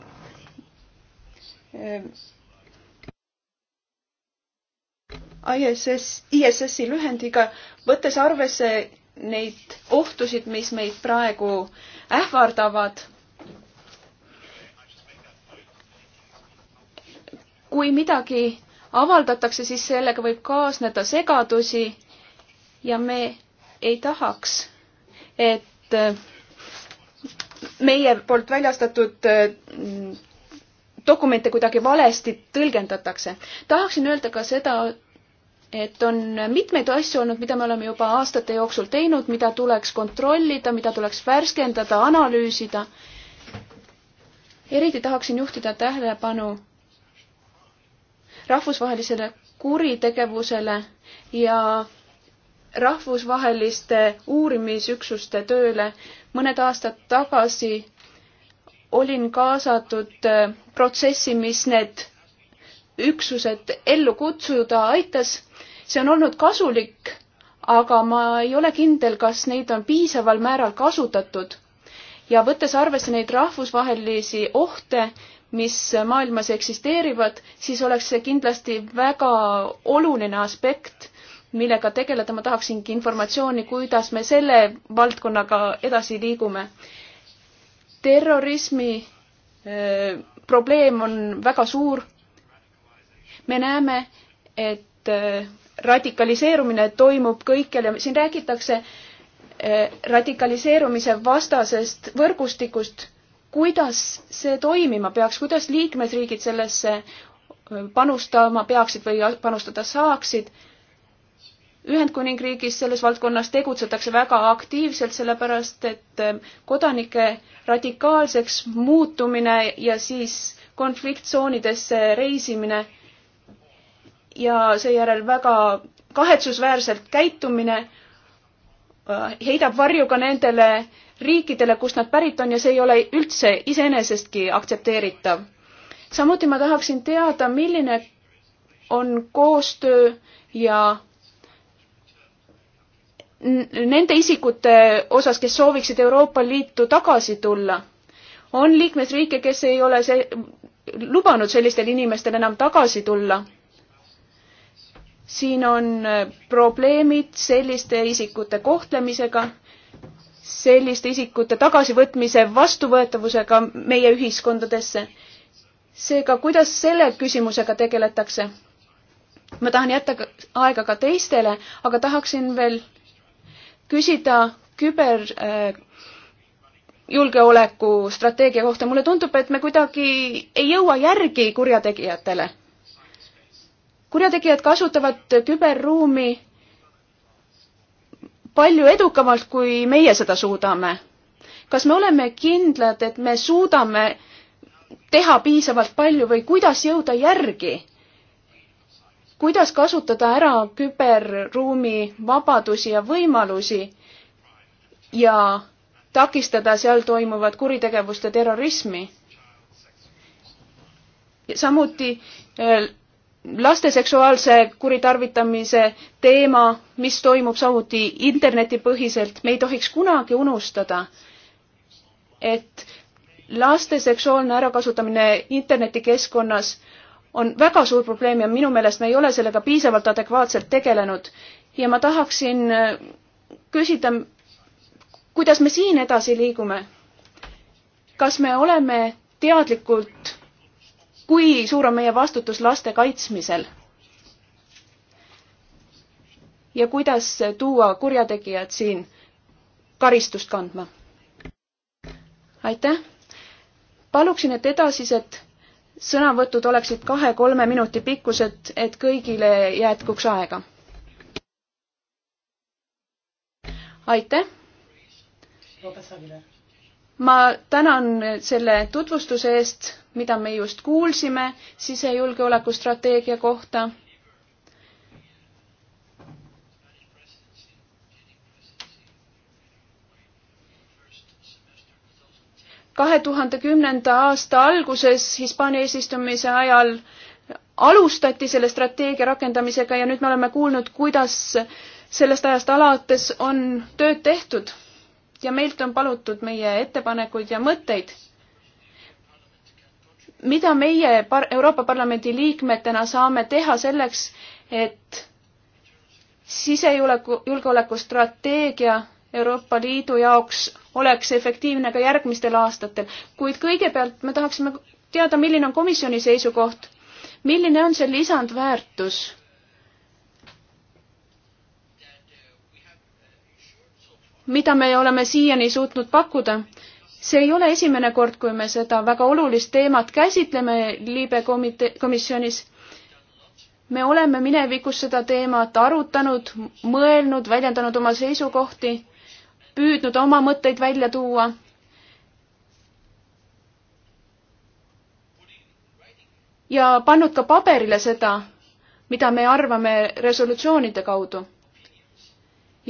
ISS, ISS-i lühendiga, võttes arvesse neid ohtusid, mis meid praegu ähvardavad. kui midagi avaldatakse, siis sellega võib kaasneda segadusi ja me ei tahaks, et meie poolt väljastatud dokumente kuidagi valesti tõlgendatakse. tahaksin öelda ka seda, et on mitmeid asju olnud, mida me oleme juba aastate jooksul teinud, mida tuleks kontrollida, mida tuleks värskendada, analüüsida. eriti tahaksin juhtida tähelepanu rahvusvahelisele kuritegevusele ja rahvusvaheliste uurimisüksuste tööle. mõned aastad tagasi olin kaasatud äh, protsessi, mis need üksused ellu kutsuda aitas. see on olnud kasulik, aga ma ei ole kindel, kas neid on piisaval määral kasutatud. ja võttes arvesse neid rahvusvahelisi ohte, mis maailmas eksisteerivad, siis oleks see kindlasti väga oluline aspekt, millega tegeleda. ma tahaksingi informatsiooni, kuidas me selle valdkonnaga edasi liigume terrorismi öö, eh, probleem on väga suur. me näeme, et öö, eh, radikaliseerumine toimub kõikjal ja siin räägitakse öö, eh, radikaliseerumise vastasest võrgustikust. kuidas see toimima peaks, kuidas liikmesriigid sellesse panustama peaksid või panustada saaksid? Ühendkuningriigis selles valdkonnas tegutsetakse väga aktiivselt, sellepärast et ähm, kodanike radikaalseks muutumine ja siis konfliktsoonidesse reisimine ja seejärel väga kahetsusväärselt käitumine äh, heidab varju ka nendele riikidele, kust nad pärit on ja see ei ole üldse iseenesestki aktsepteeritav. samuti ma tahaksin teada, milline on koostöö ja nende isikute osas, kes sooviksid Euroopa Liitu tagasi tulla. on liikmesriike, kes ei ole see, lubanud sellistel inimestel enam tagasi tulla. siin on äh, probleemid selliste isikute kohtlemisega, selliste isikute tagasivõtmise vastuvõetavusega meie ühiskondadesse. seega, kuidas selle küsimusega tegeletakse? ma tahan jätta aega ka teistele, aga tahaksin veel küsida küberjulgeoleku äh, strateegia kohta, mulle tundub, et me kuidagi ei jõua järgi kurjategijatele. kurjategijad kasutavad küberruumi palju edukamalt, kui meie seda suudame. kas me oleme kindlad, et me suudame teha piisavalt palju või kuidas jõuda järgi kuidas kasutada ära küberruumi vabadusi ja võimalusi ja takistada seal toimuvat kuritegevust ja terrorismi. samuti äh, laste seksuaalse kuritarvitamise teema, mis toimub samuti internetipõhiselt, me ei tohiks kunagi unustada, et laste seksuaalne ärakasutamine internetikeskkonnas on väga suur probleem ja minu meelest me ei ole sellega piisavalt adekvaatselt tegelenud. ja ma tahaksin äh, küsida, kuidas me siin edasi liigume? kas me oleme teadlikult, kui suur on meie vastutus laste kaitsmisel? ja kuidas tuua kurjategijad siin karistust kandma? aitäh! paluksin, et edasised sõnavõtud oleksid kahe-kolme minuti pikkused, et kõigile jätkuks aega. aitäh! ma tänan selle tutvustuse eest, mida me just kuulsime sisejulgeolekustrateegia kohta kahe tuhande kümnenda aasta alguses Hispaania eesistumise ajal alustati selle strateegia rakendamisega ja nüüd me oleme kuulnud, kuidas sellest ajast alates on tööd tehtud ja meilt on palutud meie ettepanekuid ja mõtteid. mida meie par Euroopa Parlamendi liikmetena saame teha selleks, et sisejulgeoleku strateegia Euroopa Liidu jaoks oleks efektiivne ka järgmistel aastatel, kuid kõigepealt me tahaksime teada, milline on komisjoni seisukoht, milline on see lisandväärtus mida me oleme siiani suutnud pakkuda. see ei ole esimene kord, kui me seda väga olulist teemat käsitleme liibe komitee, komisjonis. me oleme minevikus seda teemat arutanud, mõelnud, väljendanud oma seisukohti püüdnud oma mõtteid välja tuua. ja pannud ka paberile seda, mida me arvame resolutsioonide kaudu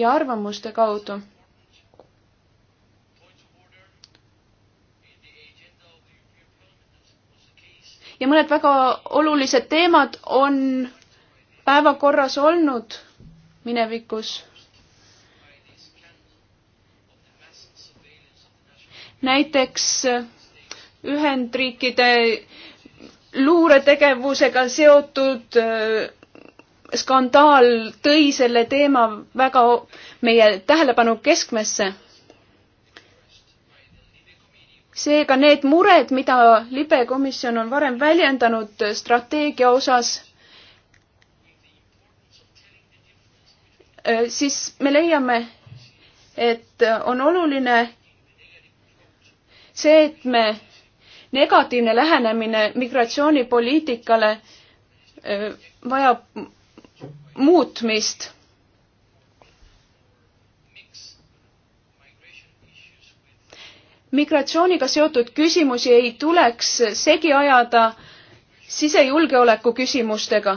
ja arvamuste kaudu. ja mõned väga olulised teemad on päevakorras olnud minevikus näiteks äh, Ühendriikide luuretegevusega seotud äh, skandaal tõi selle teema väga meie tähelepanu keskmesse. seega need mured, mida libe komisjon on varem väljendanud äh, strateegia osas, siis me leiame, et on oluline see, et me negatiivne lähenemine migratsioonipoliitikale äh, vajab muutmist. migratsiooniga seotud küsimusi ei tuleks segi ajada sisejulgeoleku küsimustega.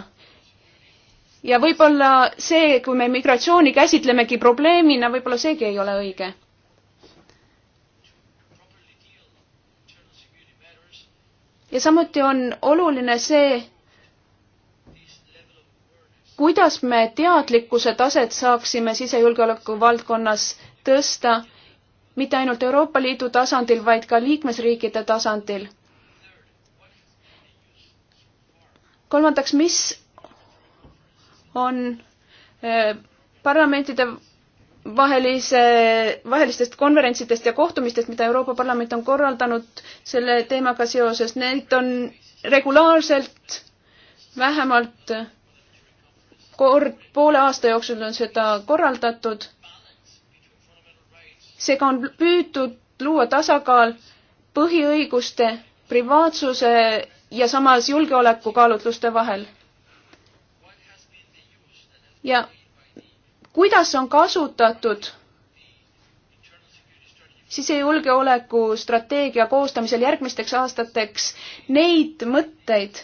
ja võib-olla see, kui me migratsiooni käsitlemegi probleemina, võib-olla seegi ei ole õige ja samuti on oluline see, kuidas me teadlikkuse taset saaksime sisejulgeoleku valdkonnas tõsta mitte ainult Euroopa Liidu tasandil, vaid ka liikmesriikide tasandil. kolmandaks, mis on eh, parlamentide vahelise, vahelistest konverentsidest ja kohtumistest, mida Euroopa Parlament on korraldanud selle teemaga seoses, neid on regulaarselt vähemalt kord poole aasta jooksul on seda korraldatud. seega on püütud luua tasakaal põhiõiguste, privaatsuse ja samas julgeolekukaalutluste vahel. ja kuidas on kasutatud sisejulgeoleku strateegia koostamisel järgmisteks aastateks neid mõtteid,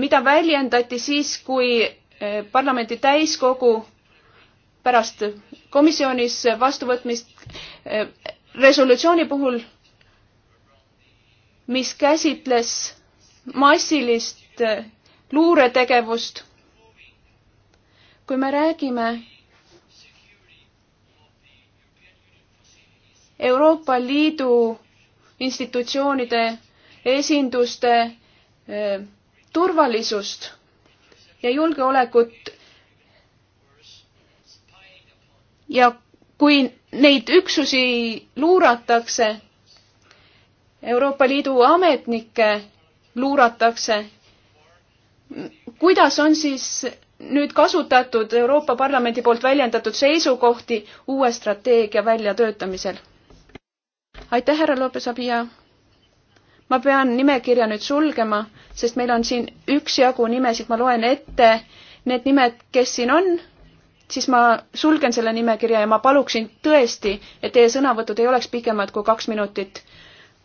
mida väljendati siis, kui eh, parlamendi täiskogu pärast komisjonis vastuvõtmist eh, resolutsiooni puhul, mis käsitles massilist eh, luuretegevust kui me räägime Euroopa Liidu institutsioonide esinduste eh, turvalisust ja julgeolekut ja kui neid üksusi luuratakse, Euroopa Liidu ametnikke luuratakse, kuidas on siis nüüd kasutatud Euroopa Parlamendi poolt väljendatud seisukohti uue strateegia väljatöötamisel? aitäh, härra Lopez-Abia. ma pean nimekirja nüüd sulgema, sest meil on siin üksjagu nimesid, ma loen ette need nimed, kes siin on, siis ma sulgen selle nimekirja ja ma paluksin tõesti, et teie sõnavõtud ei oleks pikemad kui kaks minutit.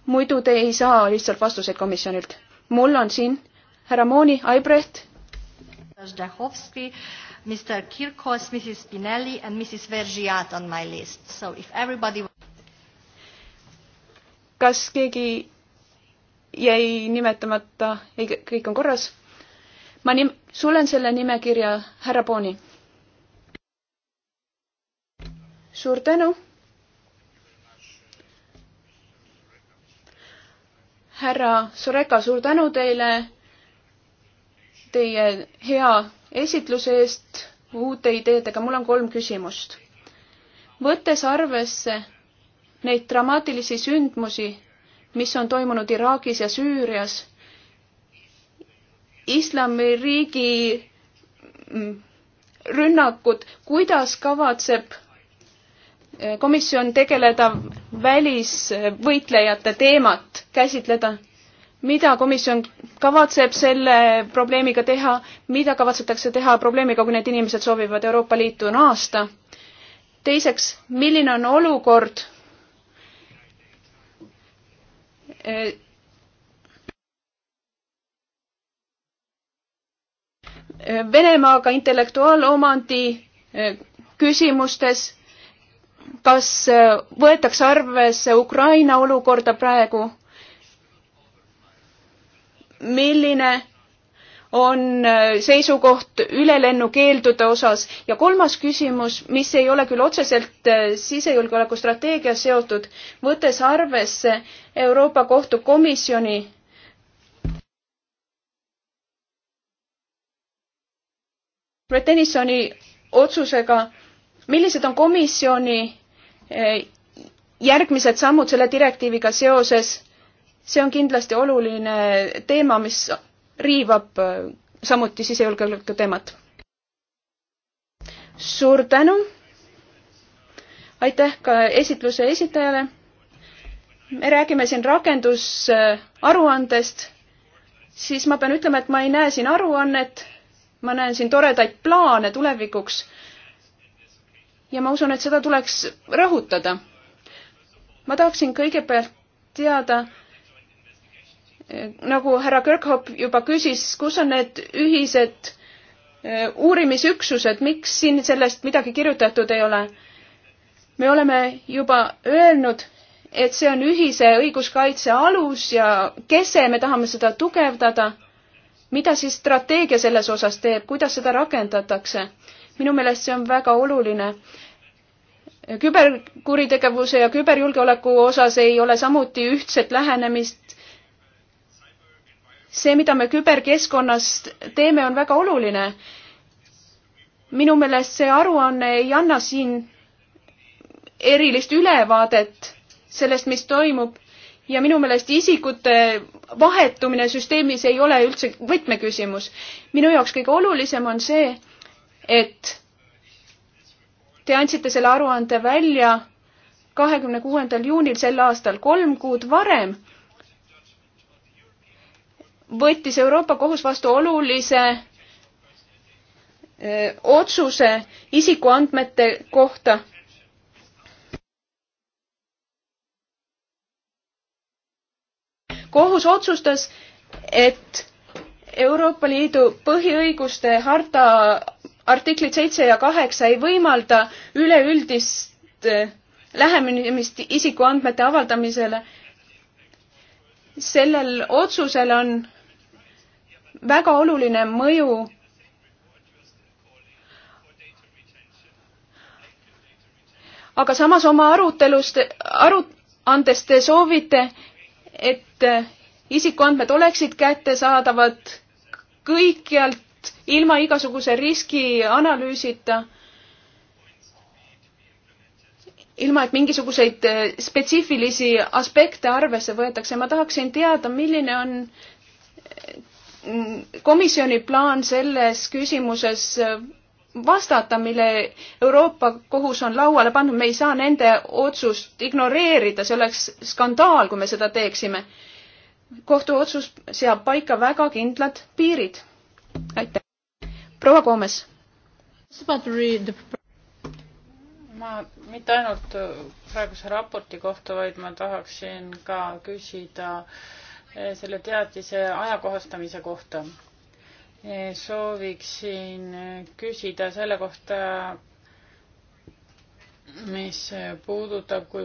muidu te ei saa lihtsalt vastuseid komisjonilt. mul on siin härra Mooni, Aibrecht, Zdechovsky, Mr. Kirkos, Mrs. Spinelli, and Mrs. Vergiat on my list. So if everybody... kas keegi jäi nimetamata, ei, kõik on korras? ma nim-, sulen selle nimekirja härra Booni. suur tänu. härra Sureka, suur tänu teile teie hea esitluse eest uute ideedega. mul on kolm küsimust. võttes arvesse neid dramaatilisi sündmusi, mis on toimunud Iraagis ja Süürias, islamiriigi mm, rünnakud, kuidas kavatseb eh, komisjon tegeleda välisvõitlejate teemat, käsitleda mida komisjon kavatseb selle probleemiga teha, mida kavatsetakse teha probleemiga, kui need inimesed soovivad Euroopa Liitu naasta? teiseks, milline on olukord eh, Venemaaga intellektuaalomandi eh, küsimustes, kas eh, võetakse arvesse Ukraina olukorda praegu? milline on äh, seisukoht ülelennukeeldude osas ja kolmas küsimus, mis ei ole küll otseselt äh, sisejulgeoleku strateegia seotud, võttes arvesse Euroopa Kohtu komisjoni Bretenisoni otsusega, millised on komisjoni äh, järgmised sammud selle direktiiviga seoses see on kindlasti oluline teema, mis riivab äh, samuti sisejulgeoleku teemat. suur tänu. aitäh ka esitluse esitajale. me räägime siin rakendusaruandest, siis ma pean ütlema, et ma ei näe siin aruannet, ma näen siin toredaid plaane tulevikuks. ja ma usun, et seda tuleks rõhutada. ma tahaksin kõigepealt teada, nagu härra Kirkhope juba küsis, kus on need ühised eh, uurimisüksused, miks siin sellest midagi kirjutatud ei ole? me oleme juba öelnud, et see on ühise õiguskaitse alus ja kese, me tahame seda tugevdada. mida siis strateegia selles osas teeb, kuidas seda rakendatakse? minu meelest see on väga oluline küberkuritegevuse ja küberjulgeoleku osas ei ole samuti ühtset lähenemist see, mida me küberkeskkonnas teeme, on väga oluline. minu meelest see aruanne ei anna siin erilist ülevaadet sellest, mis toimub ja minu meelest isikute vahetumine süsteemis ei ole üldse võtmeküsimus. minu jaoks kõige olulisem on see, et te andsite selle aruande välja kahekümne kuuendal juunil sel aastal, kolm kuud varem võttis Euroopa Kohus vastu olulise öö, otsuse isikuandmete kohta. kohus otsustas, et Euroopa Liidu põhiõiguste harta artiklid seitse ja kaheksa ei võimalda üleüldist lähenemist isikuandmete avaldamisele sellel otsusel on väga oluline mõju aga samas oma arutelust, aruandes te soovite, et isikuandmed oleksid kättesaadavad kõikjalt ilma igasuguse riskianalüüsita, ilma et mingisuguseid spetsiifilisi aspekte arvesse võetakse. ma tahaksin teada, milline on komisjoni plaan selles küsimuses vastata, mille Euroopa Kohus on lauale pannud, me ei saa nende otsust ignoreerida, see oleks skandaal, kui me seda teeksime. kohtuotsus seab paika väga kindlad piirid. aitäh. proua Koomes. ma mitte ainult praeguse raporti kohta, vaid ma tahaksin ka küsida äh, Eh, selle teadise ajakohastamise kohta. Eh, sooviksin eh, küsida selle kohta, mis puudutab, kui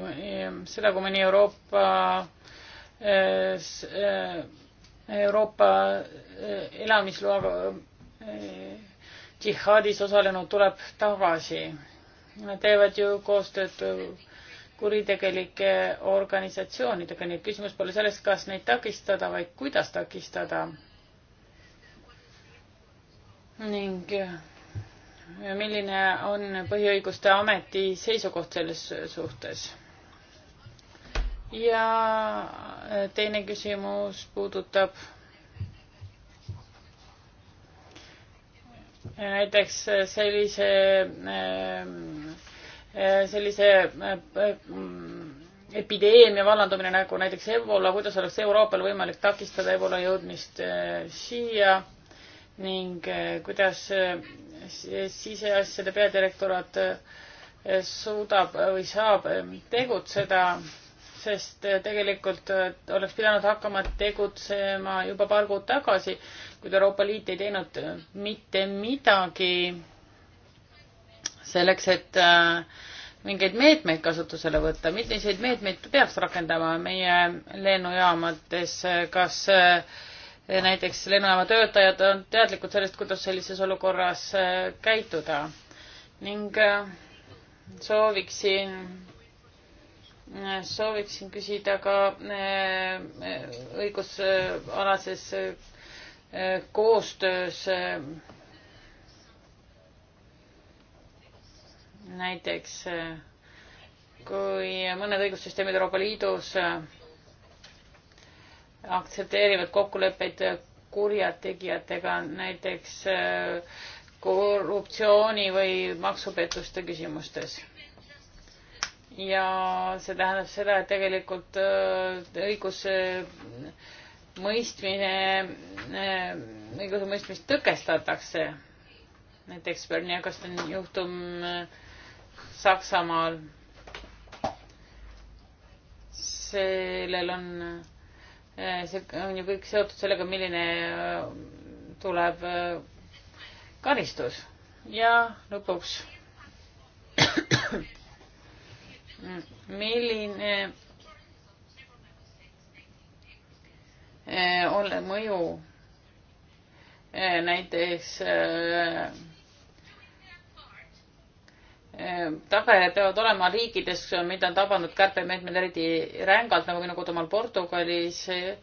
seda, kui mõni Euroopa, Euroopa elamisloaga džihaadis osalenud tuleb tagasi. Nad teevad ju koostööd kuritegelike organisatsioonidega, nii et küsimus pole selles, kas neid takistada, vaid kuidas takistada. ning milline on Põhiõiguste Ameti seisukoht selles suhtes? ja teine küsimus puudutab näiteks sellise äh, Äh, sellise äh, äh, epideemia vallandumine nagu näiteks Ebola, kuidas oleks Euroopal võimalik takistada Ebola jõudmist siia ning kuidas siseasjade peadirektorat suudab või saab ähm, tegutseda, sest tegelikult oleks pidanud hakkama tegutsema juba paar kuud tagasi, kuid Euroopa Liit ei teinud mitte midagi selleks, et äh, mingeid meetmeid kasutusele võtta, milliseid meetmeid peaks rakendama meie lennujaamades, kas äh, näiteks lennujaama töötajad on teadlikud sellest, kuidas sellises olukorras äh, käituda ning sooviksin, sooviksin küsida ka õigusalases koostöös näiteks eh, kui mõned õigussüsteemid Euroopa Liidus eh, aktsepteerivad kokkuleppeid eh, kurjategijatega, näiteks korruptsiooni või maksupettuste küsimustes. ja see tähendab seda, et tegelikult õigusmõistmine, õigusemõistmist tõkestatakse. näiteks Bernie Agaston juhtum äh, Saksamaal. sellel on, eh, see on ju kõik seotud sellega, milline eh, tuleb eh, karistus ja lõpuks milline on mõju näiteks Ehm, tagajärjed peavad olema riikides, mida on tabanud kärpemeetmed eriti rängalt, nagu minu kodumaal Portugalis. Ehm,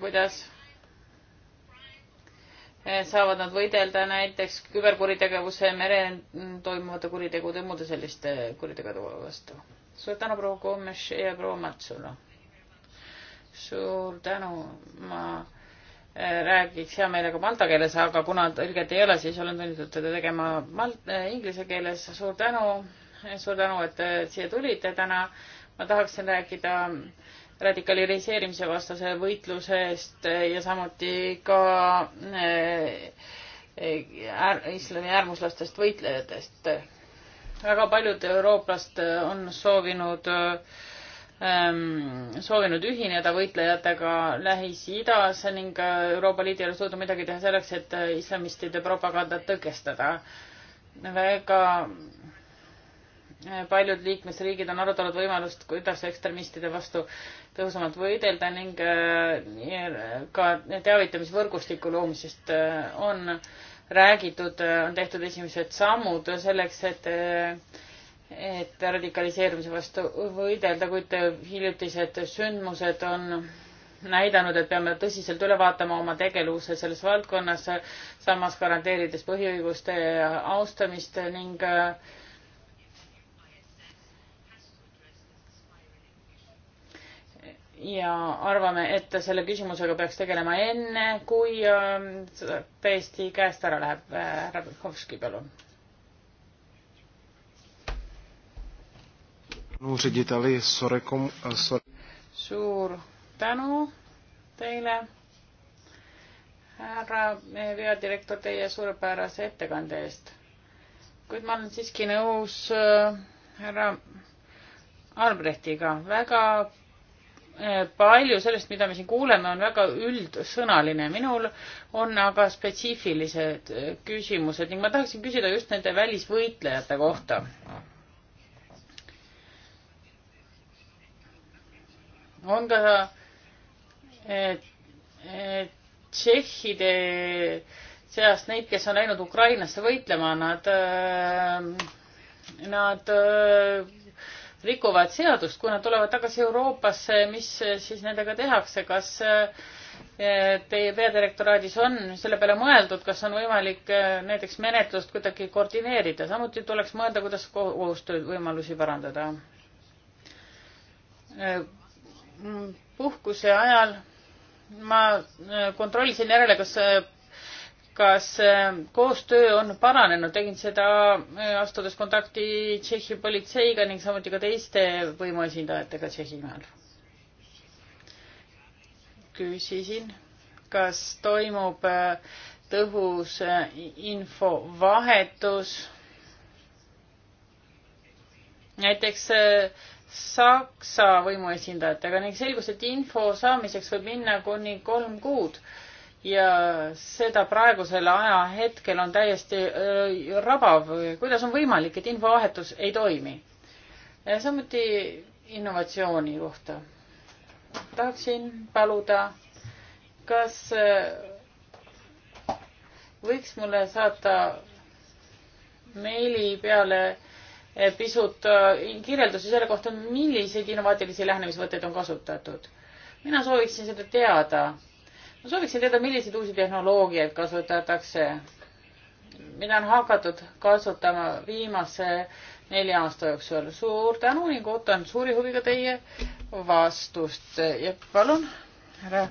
kuidas ehm, saavad nad võidelda näiteks küberkuritegevuse, merel toimuvate kuritegude ja muude selliste kuritegude vastu? suur tänu, proua Komes ja proua Matsula. suur tänu, ma räägiks hea meelega malta keeles, aga kuna tõlget ei ole, siis olen tunnitud seda tegema malt-, äh, inglise keeles. suur tänu, suur tänu, et äh, siia tulite täna. ma tahaksin rääkida radikaliseerimise vastase võitluse eest äh, ja samuti ka äär, islami äärmuslastest võitlejatest. väga paljud eurooplast on soovinud äh, Ähm, soovinud ühineda võitlejatega Lähis-Idas ning äh, Euroopa Liit ei ole suutnud midagi teha selleks, et äh, islamistide propagandat tõkestada. väga äh, paljud liikmesriigid on arutanud võimalust, kuidas ekstremistide vastu tõhusamalt võidelda ning ka teavitamisvõrgustiku loomisest on räägitud, on tehtud esimesed sammud selleks, et et radikaliseerumise vastu võidelda, kuid hiljutised sündmused on näidanud, et peame tõsiselt üle vaatama oma tegeluse selles valdkonnas, samas garanteerides põhiõiguste austamist ning ja arvame, et selle küsimusega peaks tegelema enne, kui äh, täiesti käest ära läheb. Äh, härra Pihhovski, palun Eh, suur tänu teile, härra eh, peadirektor, teie suurepärase ettekande eest. kuid ma olen siiski nõus eh, härra Albrechtiga, väga palju sellest, mida me siin kuuleme, on väga üldsõnaline. minul on aga spetsiifilised küsimused ning ma tahaksin küsida just nende välisvõitlejate kohta. on ka tšehhide seast neid, kes on läinud Ukrainasse võitlema, nad, äh, nad äh, rikuvad seadust, kui nad tulevad tagasi Euroopasse, mis siis nendega tehakse, kas äh, teie peadirektoraadis on selle peale mõeldud, kas on võimalik näiteks menetlust kuidagi koordineerida, samuti tuleks mõelda, kuidas koostöövõimalusi parandada puhkuse ajal ma äh, kontrollisin järele, kas, äh, kas äh, koostöö on paranenud, tegin seda astudes kontakti Tšehhi politseiga ning samuti ka teiste võimuesindajatega Tšehhimaal. küsisin, kas toimub tõhus infovahetus näiteks Saksa võimuesindajatega ning selgus, et info saamiseks võib minna kuni kolm kuud ja seda praegusel ajahetkel on täiesti rabav, kuidas on võimalik, et infovahetus ei toimi. samuti innovatsiooni kohta. tahaksin paluda, kas võiks mulle saata meili peale pisut äh, kirjeldusi selle kohta, milliseid innovaatilisi lähenemisvõtteid on kasutatud. mina sooviksin seda teada. ma sooviksin teada, milliseid uusi tehnoloogiaid kasutatakse, mida on hakatud kasutama viimase nelja aasta jooksul. suur tänu ning ootan suuri huviga teie vastust ja palun, härra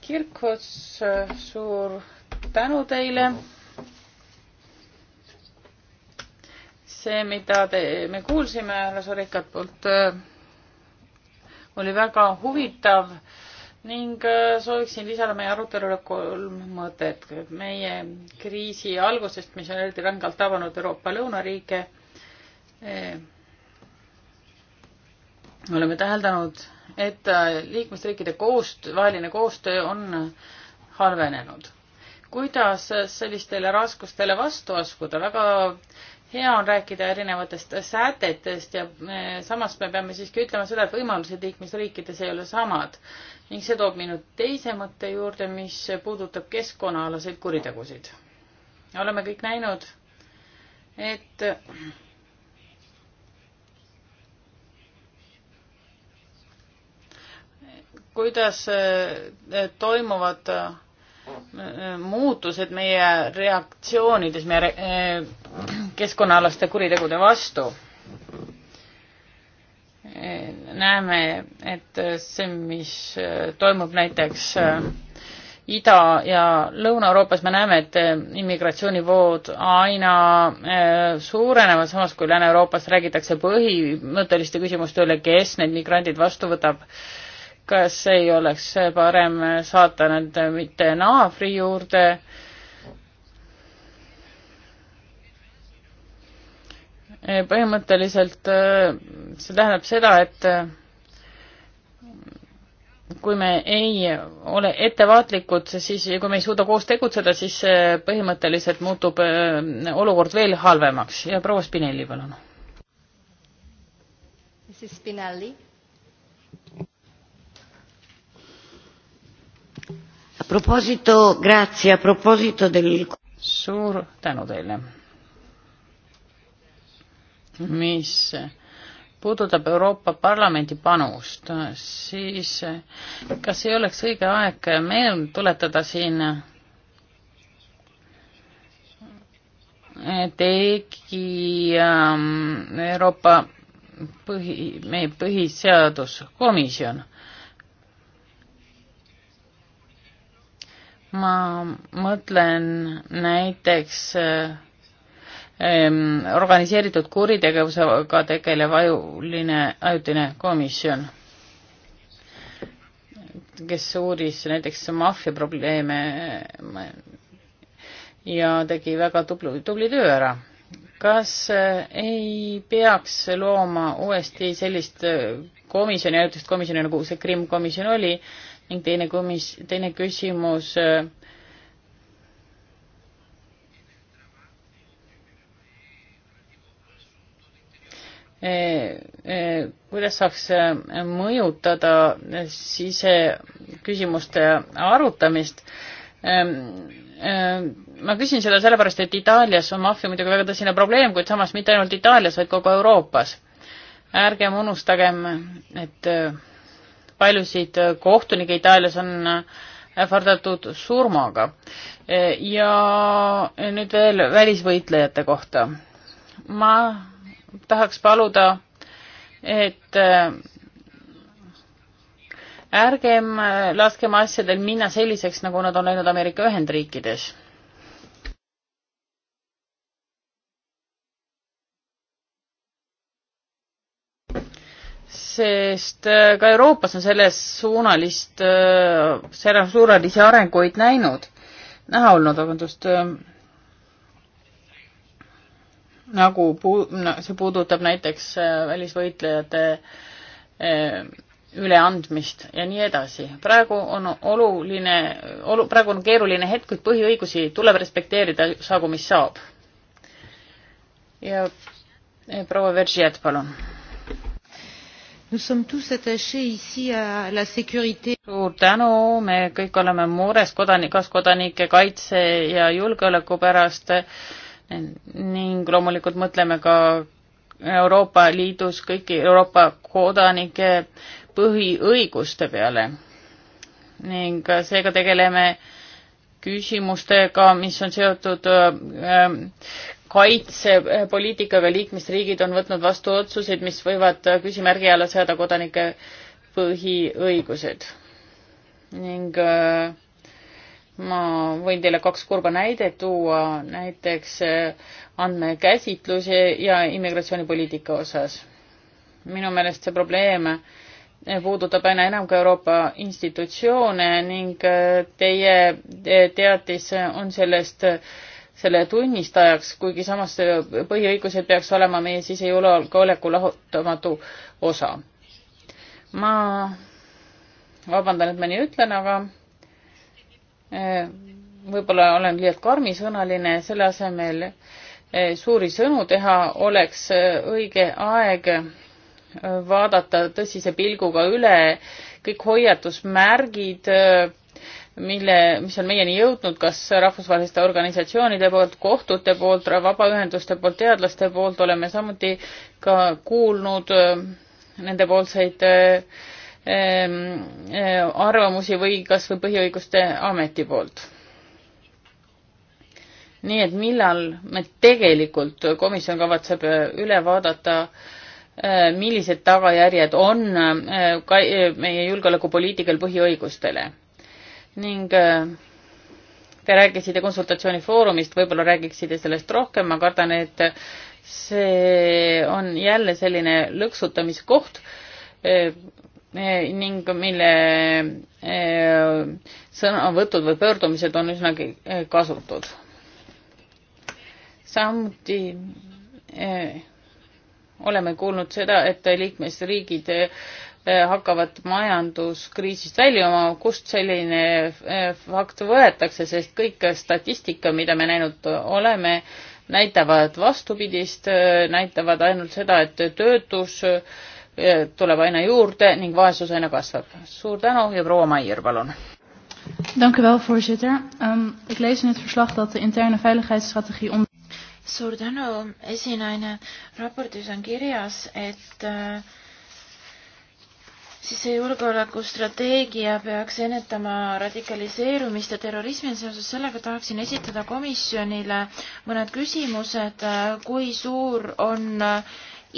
Kirkus, suur tänu teile see, mida te, me kuulsime härra Sorikat poolt, äh, oli väga huvitav ning äh, sooviksin lisada meie arutelule kolm mõtet. meie kriisi algusest, mis on eriti rangalt tabanud Euroopa lõunariike, äh, oleme täheldanud, et liikmesriikide koost-, vaheline koostöö on halvenenud. kuidas sellistele raskustele vastu astuda? väga hea on rääkida erinevatest sätetest ja eh, samas me peame siiski ütlema seda, et võimalused liikmesriikides ei ole samad ning see toob mind teise mõtte juurde, mis puudutab keskkonnaalaseid kuritegusid. oleme kõik näinud, et kuidas eh, toimuvad eh, muutused meie reaktsioonides, meie keskkonnaalaste kuritegude vastu. näeme, et see, mis toimub näiteks äh, Ida- ja Lõuna-Euroopas, me näeme, et äh, immigratsioonivood aina äh, suurenevad, samas kui Lääne-Euroopas räägitakse põhimõtteliste küsimuste üle, kes need migrandid vastu võtab kas ei oleks parem saata nad mitte naabri juurde, põhimõtteliselt äh, see tähendab seda, et äh, kui me ei ole ettevaatlikud, siis kui me ei suuda koos tegutseda, siis põhimõtteliselt muutub äh, olukord veel halvemaks ja proua Spinelli, palun. Spinelli proposito, grazie, a proposito del... suur tänu teile. mis puudutab Euroopa Parlamendi panust, siis kas ei oleks õige aeg meel tuletada siin tegi ähm, Euroopa põhi, meie põhiseaduskomisjon ma mõtlen näiteks ähm, organiseeritud kuritegevusega tegelev ajuline, ajutine komisjon, kes uuris näiteks maffia probleeme äh, ja tegi väga tubli, tubli töö ära. kas äh, ei peaks looma uuesti sellist äh, komisjoni, ajutist komisjoni, nagu see Krimm komisjon oli, ning teine komis-, teine küsimus äh, äh, kuidas saaks äh, mõjutada siseküsimuste arutamist. Ähm, ähm, ma küsin seda sellepärast, et Itaalias on maffia muidugi väga tõsine probleem, kuid samas mitte ainult Itaalias, vaid kogu Euroopas. ärgem unustagem, et paljusid kohtunikke Itaalias on ähvardatud surmaga. ja nüüd veel välisvõitlejate kohta. ma tahaks paluda, et ärgem laskem asjadel minna selliseks, nagu nad on läinud Ameerika Ühendriikides sest äh, ka Euroopas on selles suunalist, äh, selles suunalisi arenguid näinud, näha olnud, vabandust, äh, nagu puu-, see puudutab näiteks välisvõitlejate üleandmist ja nii edasi. praegu on oluline, olu-, praegu on keeruline hetk, kuid põhiõigusi tuleb respekteerida, saagu mis saab. ja proua Veržiet, palun suur tänu, me kõik oleme mures kodanik, kaaskodanike kaitse ja julgeoleku pärast ning loomulikult mõtleme ka Euroopa Liidus kõiki Euroopa kodanike põhiõiguste peale. ning seega tegeleme küsimustega, mis on seotud äh, kaitsepoliitikaga liikmesriigid on võtnud vastu otsuseid, mis võivad küsimärgi alla seada kodanike põhiõigused. ning äh, ma võin teile kaks kurba näidet tuua, näiteks äh, andmekäsitluse ja immigratsioonipoliitika osas. minu meelest see probleem äh, puudutab aina enam ka Euroopa institutsioone ning teie teatis on sellest selle tunnistajaks, kuigi samas põhiõigused peaks olema meie sisejulgeoleku lahutamatu osa. ma vabandan, et ma nii ütlen, aga e, võib-olla olen liialt karmisõnaline, selle asemel e, suuri sõnu teha oleks õige aeg vaadata tõsise pilguga üle kõik hoiatusmärgid mille, mis on meieni jõudnud, kas rahvusvaheliste organisatsioonide poolt, kohtute poolt, vabaühenduste poolt, teadlaste poolt, oleme samuti ka kuulnud äh, nendepoolseid äh, ähm, äh, arvamusi või kas või Põhiõiguste Ameti poolt. nii et millal me tegelikult, komisjon kavatseb üle vaadata äh, millised tagajärjed on meie julgeolekupoliitikal põhiõigustele ning äh, te rääkisite konsultatsioonifoorumist, võib-olla räägiksite sellest rohkem, ma kardan, et see on jälle selline lõksutamiskoht äh, ning mille äh, sõnavõtud või pöördumised on üsnagi kasutud. samuti oleme kuulnud seda, et liikmesriigid Eh, hakkavad majanduskriisist väljuma, kust selline eh, fakt võetakse, sest kõik statistika, mida me näinud oleme, näitavad vastupidist, eh, näitavad ainult seda, et töötus tuleb aina juurde ning vaesus aina kasvab. suur tänu ja proua Maier, palun. Dank u wel, voorzitter. Um, ik lees in het verslag dat de interne veiligheidsstrategie om... Suur tänu, esinaine. Raportis on kirjas, et uh, sisejulgeolekustrateegia peaks ennetama radikaliseerumist ja terrorismi ja seoses sellega tahaksin esitada komisjonile mõned küsimused, kui suur on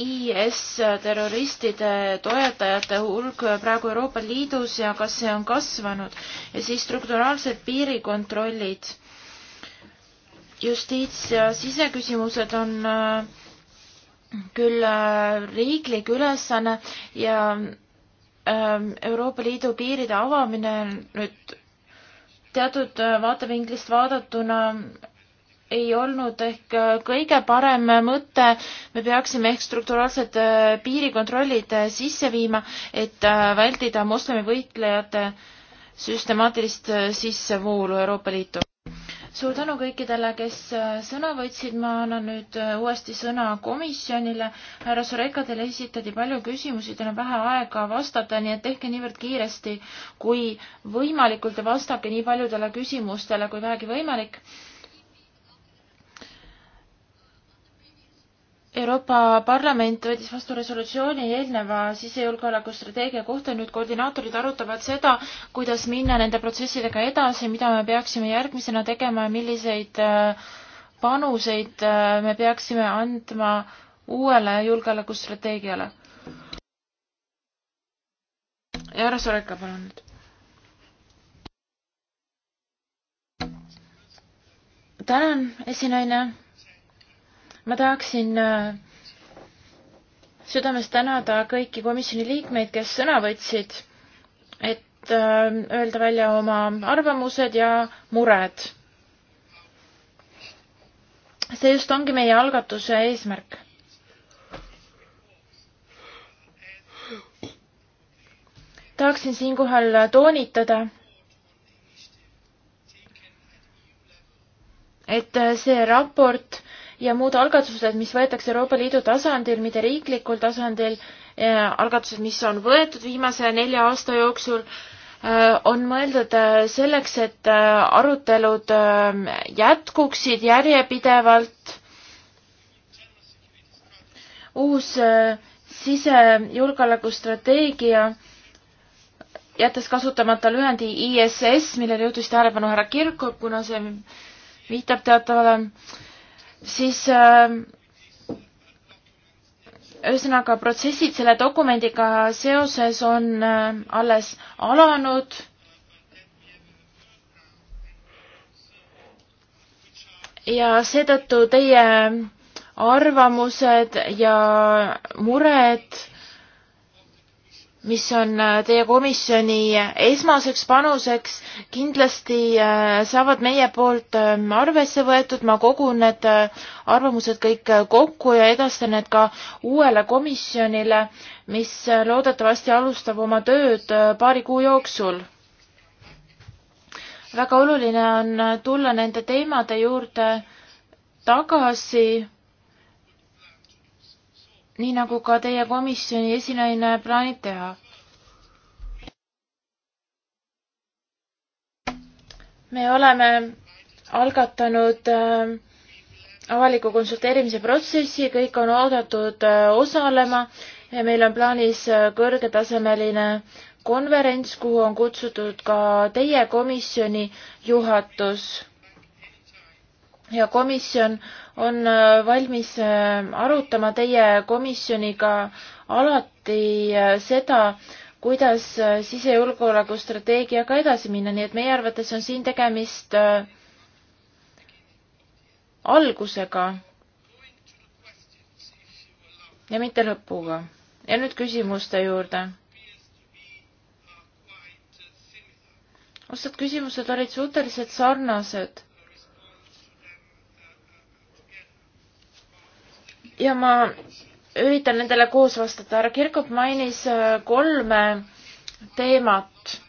IS terroristide toetajate hulk praegu Euroopa Liidus ja kas see on kasvanud ja siis strukturaalsed piirikontrollid. justiits- ja siseküsimused on äh, küll äh, riiklik ülesanne ja Ähm, Euroopa Liidu piiride avamine nüüd teatud äh, vaatevinklist vaadatuna ei olnud ehk äh, kõige parem mõte, me peaksime ehk strukturaalsed äh, piirikontrollid sisse viima, et vältida moslemi võitlejate süstemaatilist sissevoolu Euroopa Liitu suur tänu kõikidele, kes äh, sõna võtsid, ma annan nüüd äh, uuesti sõna komisjonile. härra Soreka, teile esitati palju küsimusi, teil on vähe aega vastata, nii et tehke niivõrd kiiresti kui võimalikult ja vastake nii paljudele küsimustele kui vähegi võimalik Euroopa Parlament võttis vastu resolutsiooni eelneva sisejulgeolekustrateegia kohta, nüüd koordinaatorid arutavad seda, kuidas minna nende protsessidega edasi, mida me peaksime järgmisena tegema ja milliseid äh, panuseid äh, me peaksime andma uuele julgeolekustrateegiale. härra Soreka, palun nüüd. tänan, esinaine ma tahaksin äh, südamest tänada kõiki komisjoni liikmeid, kes sõna võtsid, et äh, öelda välja oma arvamused ja mured. see just ongi meie algatuse eesmärk. tahaksin siinkohal toonitada et äh, see raport ja muud algatused, mis võetakse Euroopa Liidu tasandil, mitte riiklikul tasandil, algatused, mis on võetud viimase nelja aasta jooksul, äh, on mõeldud äh, selleks, et äh, arutelud jätkuksid järjepidevalt. uus sisejulgeolekustrateegia jättes kasutamata lühendi ISS, millele juhtis tähelepanu härra Kirkov, kuna see viitab teatavale siis äh, ühesõnaga protsessid selle dokumendiga seoses on äh, alles alanud. ja seetõttu teie arvamused ja mured mis on äh, teie komisjoni esmaseks panuseks, kindlasti äh, saavad meie poolt ähm, arvesse võetud, ma kogun need äh, arvamused kõik kokku ja edastan need ka uuele komisjonile, mis loodetavasti alustab oma tööd paari kuu jooksul. väga oluline on tulla nende teemade juurde tagasi nii nagu ka teie komisjoni esinaine plaanib teha. me oleme algatanud äh, avaliku konsulteerimise protsessi, kõik on oodatud äh, osalema ja meil on plaanis äh, kõrgetasemeline konverents, kuhu on kutsutud ka teie komisjoni juhatus ja komisjon on äh, valmis äh, arutama teie komisjoniga alati äh, seda, kuidas sisejulgeoleku strateegiaga edasi minna, nii et meie arvates on siin tegemist algusega ja mitte lõpuga. ja nüüd küsimuste juurde. osad küsimused olid suhteliselt sarnased ja ma üritan nendele koos vastata. härra Kirkop mainis äh, kolme teemat.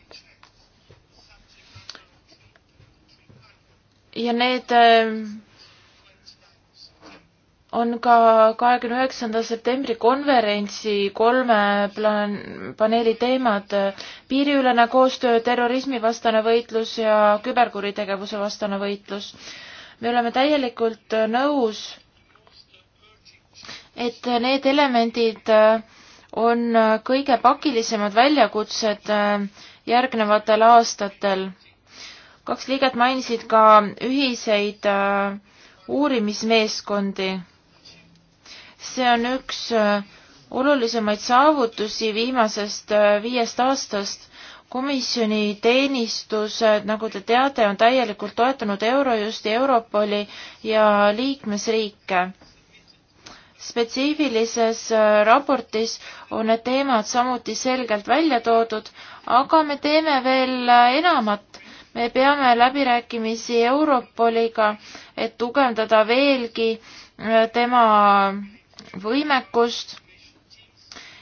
ja need äh, on ka kahekümne üheksanda septembri konverentsi kolme plaan-, paneeli teemad. piiriülene koostöö, terrorismivastane võitlus ja küberkuritegevuse vastane võitlus. me oleme täielikult nõus et need elemendid äh, on äh, kõige pakilisemad väljakutsed äh, järgnevatel aastatel. kaks liiget mainisid ka ühiseid uurimismeeskondi. see on üks olulisemaid saavutusi viimasest viiest aastast. komisjoni teenistused, nagu te teate, on täielikult toetanud Eurojusti, Europoli ja liikmesriike spetsiifilises äh, raportis on need teemad samuti selgelt välja toodud, aga me teeme veel äh, enamat. me peame läbirääkimisi Europoliga, et tugevdada veelgi äh, tema võimekust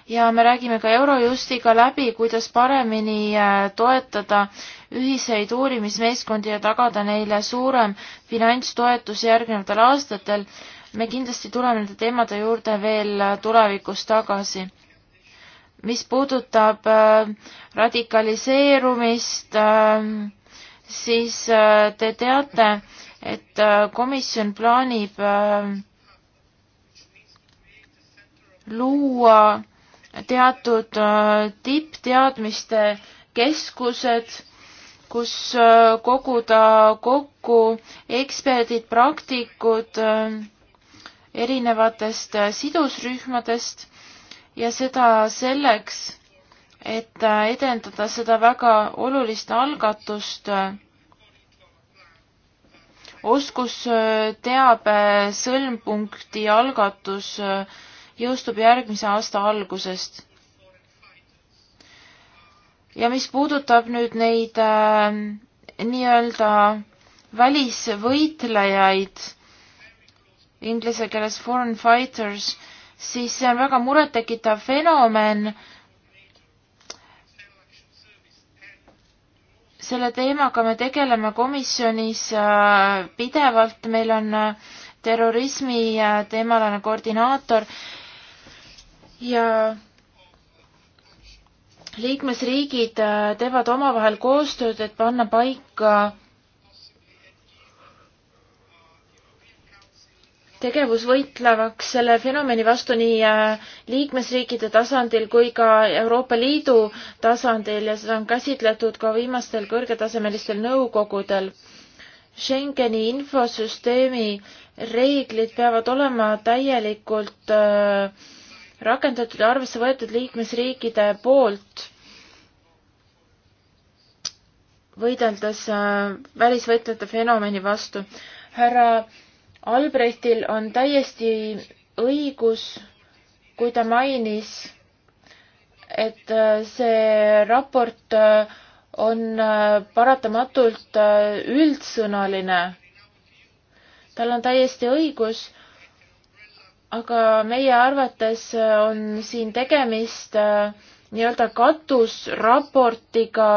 ja me räägime ka Eurojustiga läbi, kuidas paremini toetada ühiseid uurimismeeskondi ja tagada neile suurem finantstoetus järgnevatel aastatel me kindlasti tuleme nende teemade juurde veel äh, tulevikus tagasi. mis puudutab äh, radikaliseerumist, äh, siis te teate, et komisjon plaanib luua teatud tippteadmiste keskused, kus koguda kokku eksperdid, praktikud äh, erinevatest äh, sidusrühmadest ja seda selleks, et äh, edendada seda väga olulist algatust äh, oskusteabe sõlmpunkti algatus jõustub järgmise aasta algusest. ja mis puudutab nüüd neid äh, nii-öelda välisvõitlejaid, inglise keeles foreign fighters, siis see on väga murettekitav fenomen. selle teemaga me tegeleme komisjonis äh, pidevalt, meil on äh, terrorismi äh, teemalane koordinaator ja liikmesriigid teevad omavahel koostööd, et panna paika tegevus võitlemaks selle fenomeni vastu nii äh, liikmesriikide tasandil kui ka Euroopa Liidu tasandil ja seda on käsitletud ka viimastel kõrgetasemelistel nõukogudel. Schengeni infosüsteemi reeglid peavad olema täielikult äh, rakendatud ja arvesse võetud liikmesriikide poolt, võideldes äh, välisvõitlejate fenomeni vastu. härra Albrechtil on täiesti õigus, kui ta mainis, et äh, see raport äh, on äh, paratamatult üldsõnaline. tal on täiesti õigus, aga meie arvates on siin tegemist nii-öelda katusraportiga,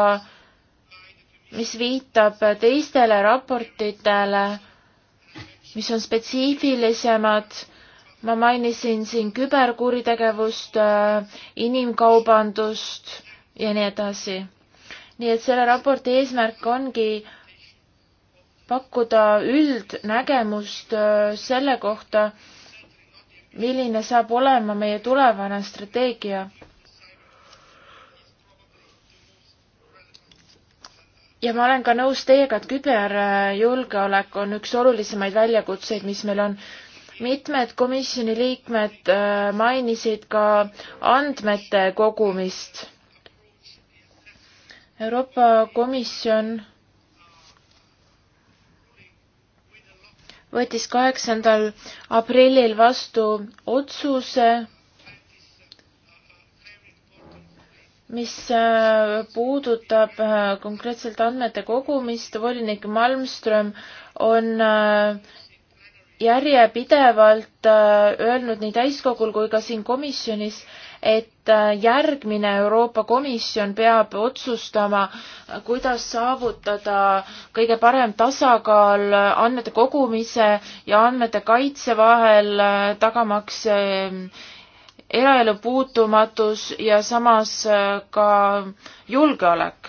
mis viitab teistele raportitele mis on spetsiifilisemad. ma mainisin siin küberkuritegevust, äh, inimkaubandust ja nii edasi. nii et selle raporti eesmärk ongi pakkuda üldnägemust äh, selle kohta, milline saab olema meie tulevane strateegia ja ma olen ka nõus teiega, et küberjulgeolek on üks olulisemaid väljakutseid, mis meil on. mitmed komisjoni liikmed äh, mainisid ka andmete kogumist. Euroopa Komisjon võttis kaheksandal aprillil vastu otsuse, mis äh, puudutab äh, konkreetselt andmete kogumist, volinik Malmström on äh, järjepidevalt öelnud nii täiskogul kui ka siin komisjonis, et järgmine Euroopa Komisjon peab otsustama, kuidas saavutada kõige parem tasakaal andmete kogumise ja andmete kaitse vahel, tagamaks eraelu puutumatus ja samas äh, ka julgeolek.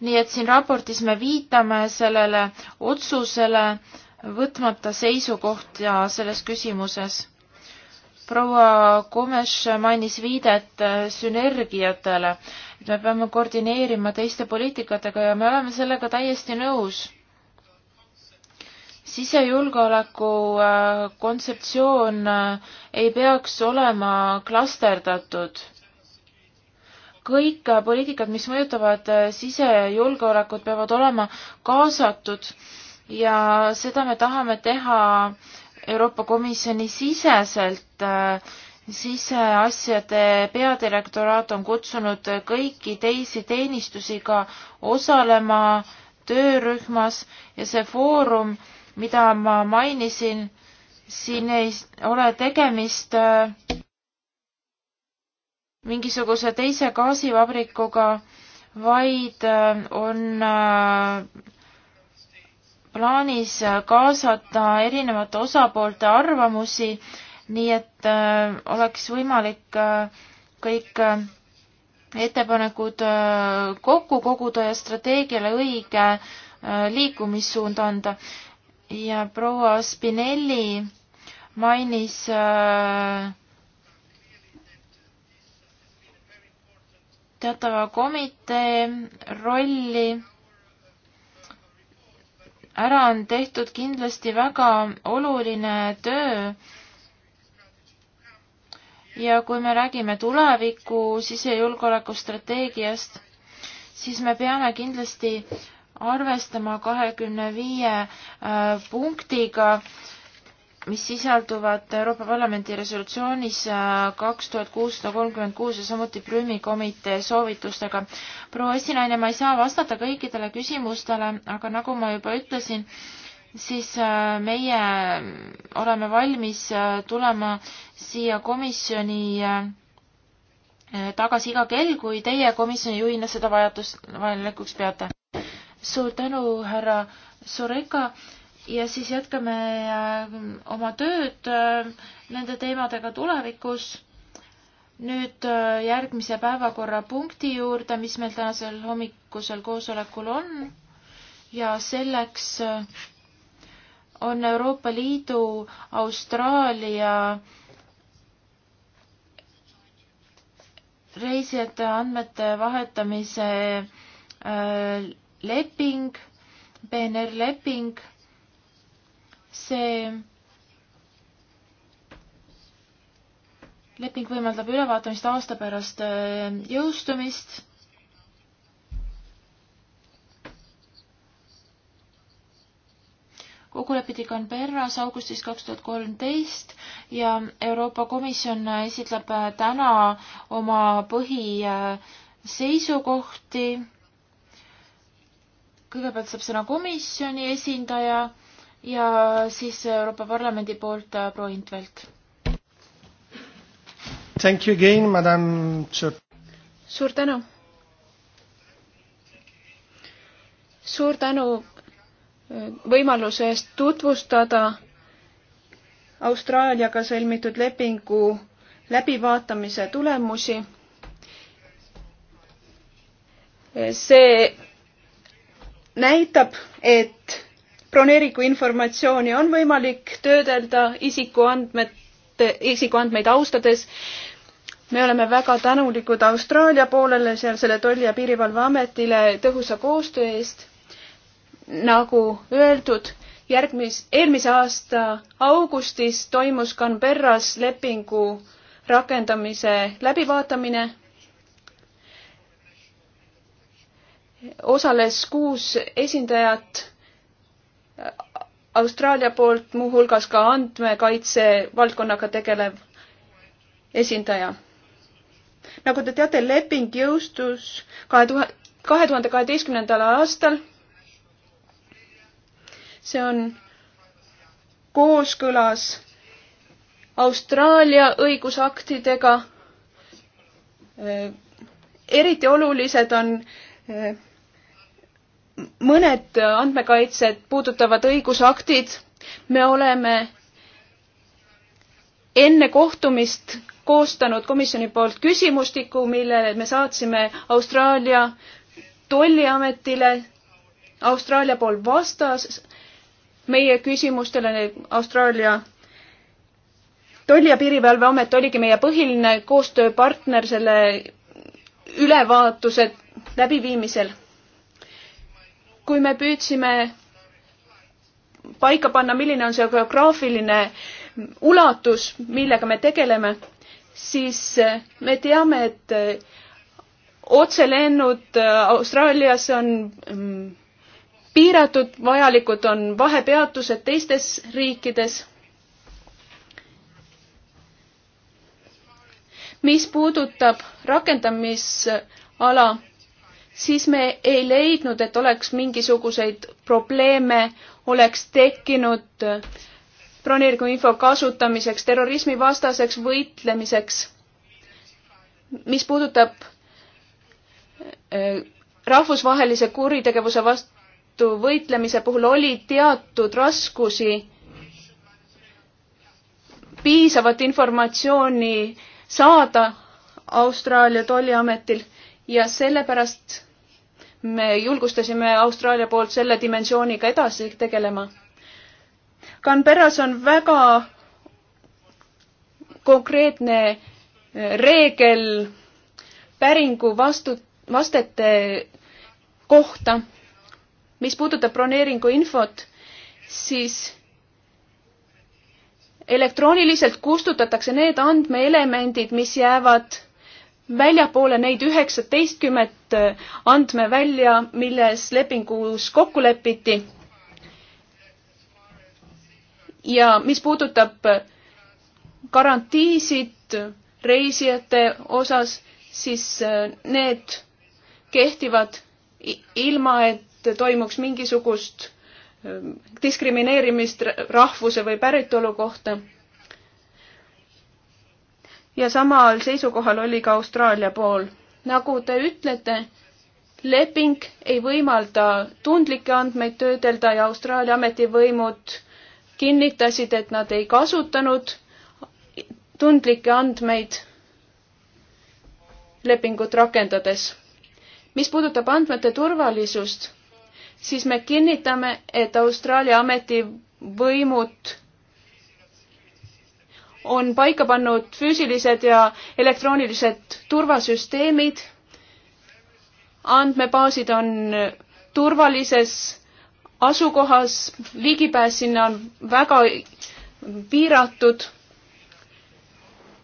nii et siin raportis me viitame sellele otsusele võtmata seisukohta selles küsimuses. proua Komes mainis viidet äh, sünergiatele, et me peame koordineerima teiste poliitikatega ja me oleme sellega täiesti nõus sisejulgeoleku äh, kontseptsioon äh, ei peaks olema klasterdatud. kõik äh, poliitikad, mis mõjutavad sisejulgeolekut, peavad olema kaasatud ja seda me tahame teha Euroopa Komisjoni siseselt. siseasjade peadirektoraat on kutsunud kõiki teisi teenistusi ka osalema töörühmas ja see foorum mida ma mainisin, siin ei ole tegemist äh, mingisuguse teise gaasivabrikuga, vaid äh, on äh, plaanis kaasata erinevate osapoolte arvamusi, nii et oleks võimalik kõik ettepanekud kokku koguda ja strateegiale õige liikumissuund anda ja proua Spinelli mainis äh, teatava komitee rolli. ära on tehtud kindlasti väga oluline töö ja kui me räägime tuleviku sisejulgeolekustrateegiast, siis me peame kindlasti arvestama kahekümne viie äh, punktiga, mis sisalduvad Euroopa Parlamendi resolutsioonis äh, kaks tuhat kuussada kolmkümmend kuus ja samuti Prümi komitee soovitustega. proua esinaine, ma ei saa vastata kõikidele küsimustele, aga nagu ma juba ütlesin, siis äh, meie oleme valmis tulema siia komisjoni tagasi iga kell, kui teie komisjoni juhina seda vajadust vajalikuks peate suur tänu, härra Sureka ja siis jätkame äh, oma tööd äh, nende teemadega tulevikus. nüüd äh, järgmise päevakorrapunkti juurde, mis meil tänasel hommikusel koosolekul on ja selleks on Euroopa Liidu, Austraalia reisijate andmete vahetamise äh, leping, PNR leping, see leping võimaldab ülevaatamist aasta pärast äh, jõustumist. kokku lepiti Canberras augustis kaks tuhat kolmteist ja Euroopa Komisjon esitleb äh, täna oma põhiseisukohti äh, kõigepealt saab sõna komisjoni esindaja ja siis Euroopa Parlamendi poolt äh, proua Intvelt. Thank you again, madam. suur tänu. suur tänu äh, võimaluse eest tutvustada Austraaliaga sõlmitud lepingu läbivaatamise tulemusi. Äh, see näitab, et broneeringu informatsiooni on võimalik töödelda isikuandmete, isikuandmeid austades. me oleme väga tänulikud Austraalia poolele, seal selle Tolli- ja Piirivalveametile tõhusa koostöö eest. nagu öeldud, järgmis, eelmise aasta augustis toimus Canberras lepingu rakendamise läbivaatamine osales kuus esindajat Austraalia poolt, muuhulgas ka andmekaitse valdkonnaga tegelev esindaja. nagu te teate, leping jõustus kahe tuhande, kahe tuhande kaheteistkümnendal aastal. see on kooskõlas Austraalia õigusaktidega. eriti olulised on eh, mõned andmekaitset puudutavad õigusaktid, me oleme enne kohtumist koostanud komisjoni poolt küsimustiku, mille me saatsime Austraalia tolliametile. Austraalia pool vastas meie küsimustele, Austraalia tolli- ja piirivalveamet oligi meie põhiline koostööpartner selle ülevaatuse läbiviimisel kui me püüdsime paika panna, milline on see geograafiline ulatus, millega me tegeleme, siis me teame, et otselennud Austraalias on mm, piiratud, vajalikud on vahepeatused teistes riikides. mis puudutab rakendamisala, siis me ei leidnud, et oleks mingisuguseid probleeme, oleks tekkinud äh, broneeringuinfo kasutamiseks, terrorismivastaseks võitlemiseks. mis puudutab äh, rahvusvahelise kuritegevuse vastu võitlemise puhul oli teatud raskusi piisavat informatsiooni saada Austraalia tolliametil ja sellepärast me julgustasime Austraalia poolt selle dimensiooniga edasi tegelema. Canberras on väga konkreetne eh, reegel päringu vastu, vastete kohta. mis puudutab broneeringu infot, siis elektrooniliselt kustutatakse need andmeelemendid, mis jäävad väljapoole neid üheksateistkümmet äh, andmevälja, milles lepingus kokku lepiti. ja mis puudutab äh, garantiisid reisijate osas, siis äh, need kehtivad ilma, et toimuks mingisugust diskrimineerimist rahvuse või päritolu kohta ja samal seisukohal oli ka Austraalia pool. nagu te ütlete, leping ei võimalda tundlikke andmeid töödelda ja Austraalia ametivõimud kinnitasid, et nad ei kasutanud tundlikke andmeid lepingut rakendades. mis puudutab andmete turvalisust, siis me kinnitame, et Austraalia ametivõimud on paika pannud füüsilised ja elektroonilised turvasüsteemid. andmebaasid on turvalises asukohas, ligipääs sinna on väga piiratud.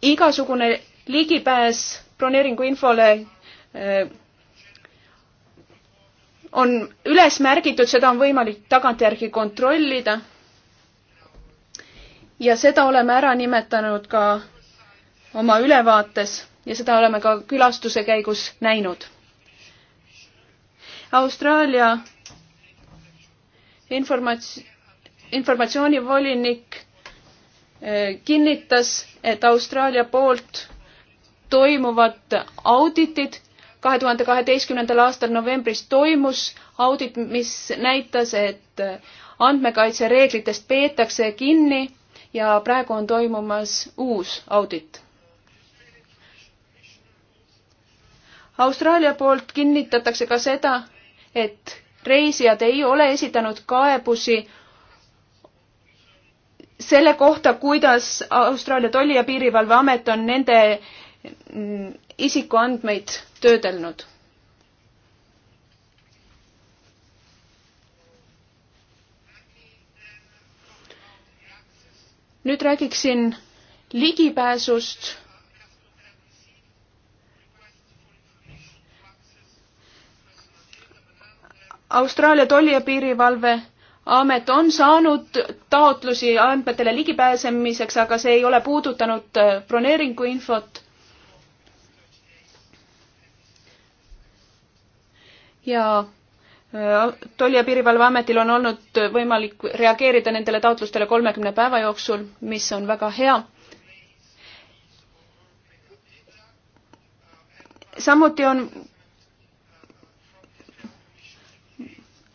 igasugune ligipääs broneeringu infole äh, on üles märgitud, seda on võimalik tagantjärgi kontrollida ja seda oleme ära nimetanud ka oma ülevaates ja seda oleme ka külastuse käigus näinud. Austraalia informats-, informatsioonivolinik eh, kinnitas, et Austraalia poolt toimuvad auditid kahe tuhande kaheteistkümnendal aastal novembris toimus audit, mis näitas, et andmekaitsereeglitest peetakse kinni ja praegu on toimumas uus audit. Austraalia poolt kinnitatakse ka seda, et reisijad ei ole esitanud kaebusi selle kohta, kuidas Austraalia Tolli- ja Piirivalveamet on nende mm, isikuandmeid töödelnud nüüd räägiksin ligipääsust. Austraalia tolli- ja piirivalve amet on saanud taotlusi andmetele ligipääsemiseks, aga see ei ole puudutanud äh, broneeringu infot. ja Äh, tolli- ja Piirivalveametil on olnud võimalik reageerida nendele taotlustele kolmekümne päeva jooksul, mis on väga hea. samuti on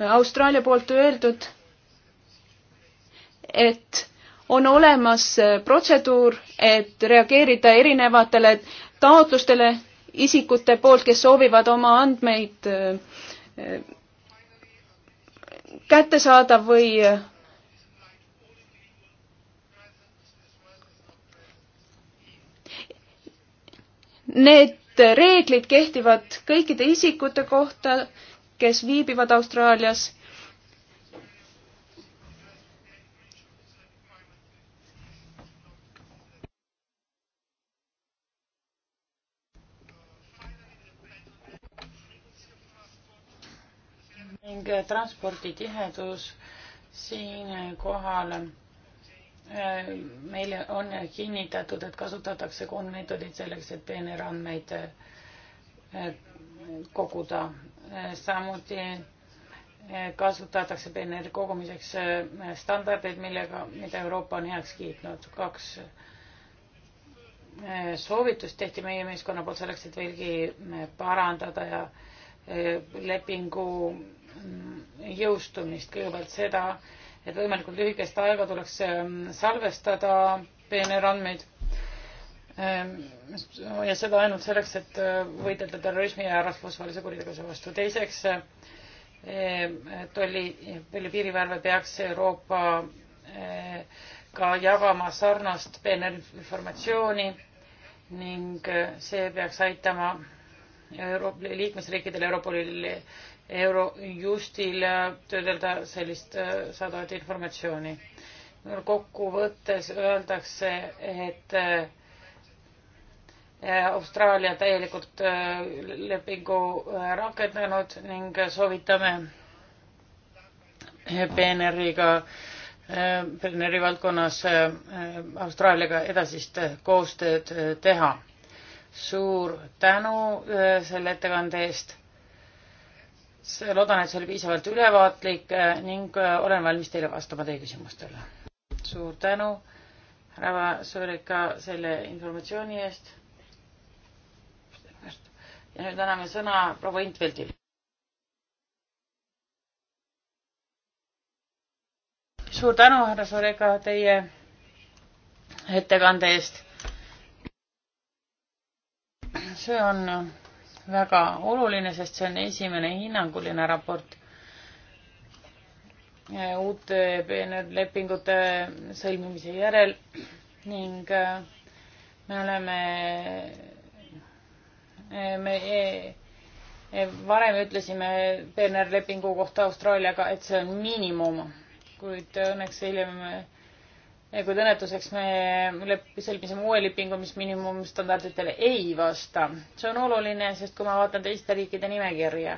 Austraalia poolt öeldud, et on olemas protseduur, et reageerida erinevatele taotlustele isikute poolt, kes soovivad oma andmeid äh, kättesaadav või Need reeglid kehtivad kõikide isikute kohta, kes viibivad Austraalias ning transporditihedus siinkohal meile on kinnitatud, et kasutatakse koondmeetodit selleks, et peenerandmeid koguda. samuti kasutatakse peeneri kogumiseks standardeid, millega, mida Euroopa on heaks kiitnud. kaks soovitust tehti meie meeskonna poolt selleks, et veelgi parandada ja lepingu jõustumist, kõigepealt seda, et võimalikult lühikest aega tuleks ähm, salvestada peenerandmeid ähm, ja seda ainult selleks, et äh, võidelda terrorismi ja rahvusvahelise kuritegevuse vastu. teiseks, äh, tolli, tolli piirivalve peaks Euroopa äh, ka jagama sarnast peenerinformatsiooni ning see peaks aitama Euroopa liikmesriikidel Europoli Eurojustil töödelda sellist, äh, saadavat informatsiooni. kokkuvõttes öeldakse, et äh, äh, Austraalia täielikult lepingu rakendanud ning soovitame PNR-iga, PNR-i valdkonnas Austraaliaga edasist koostööd teha. suur tänu selle ettekande eest loodan, et see oli piisavalt ülevaatlik eh, ning eh, olen valmis teile vastama teie küsimustele. suur tänu, härra Sõõrika, selle informatsiooni eest. ja nüüd anname sõna proua Intveldile. suur tänu, härra Sõõrika, teie ettekande eest. see on väga oluline, sest see on esimene hinnanguline raport uute lepingute sõlmimise järel ning äh, me oleme, äh, me äh, varem ütlesime PNR lepingu kohta Austraaliaga, et see on miinimum, kuid õnneks hiljem kuid õnnetuseks me lep-, sõlmisime uue lepingu, mis miinimumstandarditele ei vasta. see on oluline, sest kui ma vaatan teiste riikide nimekirja,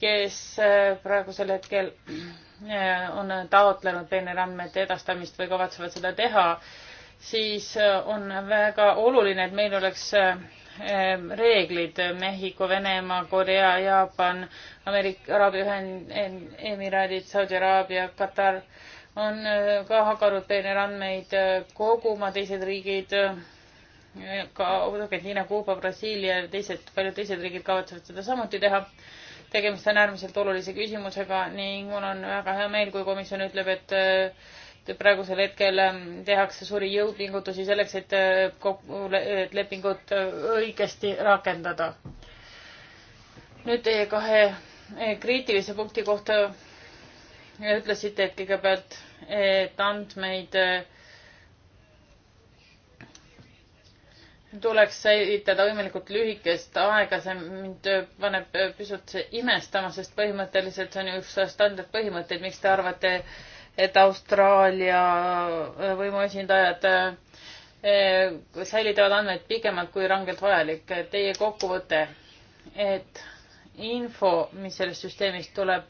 kes äh, praegusel hetkel äh, on taotlenud peeneandmete edastamist või kavatsevad seda teha, siis äh, on väga oluline, et meil oleks reeglid Mehhiko, Venemaa, Korea, Jaapan, Ameerika, Araabia Ühendemiraadid, Saudi Araabia, Katar äh, on äh, ka hakanud peenerandmeid äh, koguma teised riigid, äh, ka Argentiina, Kuuba, Brasiilia ja teised, paljud teised riigid kavatsevad seda samuti teha. tegemist on äärmiselt olulise küsimusega ning mul on väga hea meel, kui komisjon ütleb, et praegusel hetkel ähm, tehakse suuri jõupingutusi selleks, et kogu, et lepingut õigesti rakendada. nüüd teie kahe kriitilise punkti kohta ütlesite, et kõigepealt et andmeid äh, tuleks säilitada võimalikult lühikest aega, see mind äh, paneb äh, pisut imestama, sest põhimõtteliselt see on ju üks standardpõhimõtteid, miks te arvate, et Austraalia võimuesindajad säilitavad andmeid pikemalt kui rangelt vajalik. Teie kokkuvõte, et info, mis sellest süsteemist tuleb,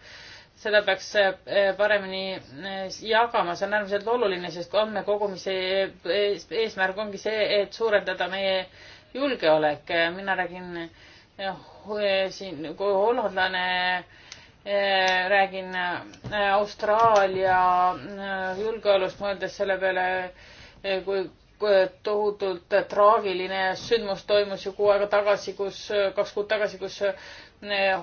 seda peaks eh, paremini eh, jagama, see on äärmiselt oluline, sest andmekogumise eh, eesmärk ongi see, et suurendada meie julgeolek. mina räägin siin kui hollandlane, räägin Austraalia julgeolust, mõeldes selle peale, kui tohutult traagiline sündmus toimus ju kuu aega tagasi, kus, kaks kuud tagasi, kus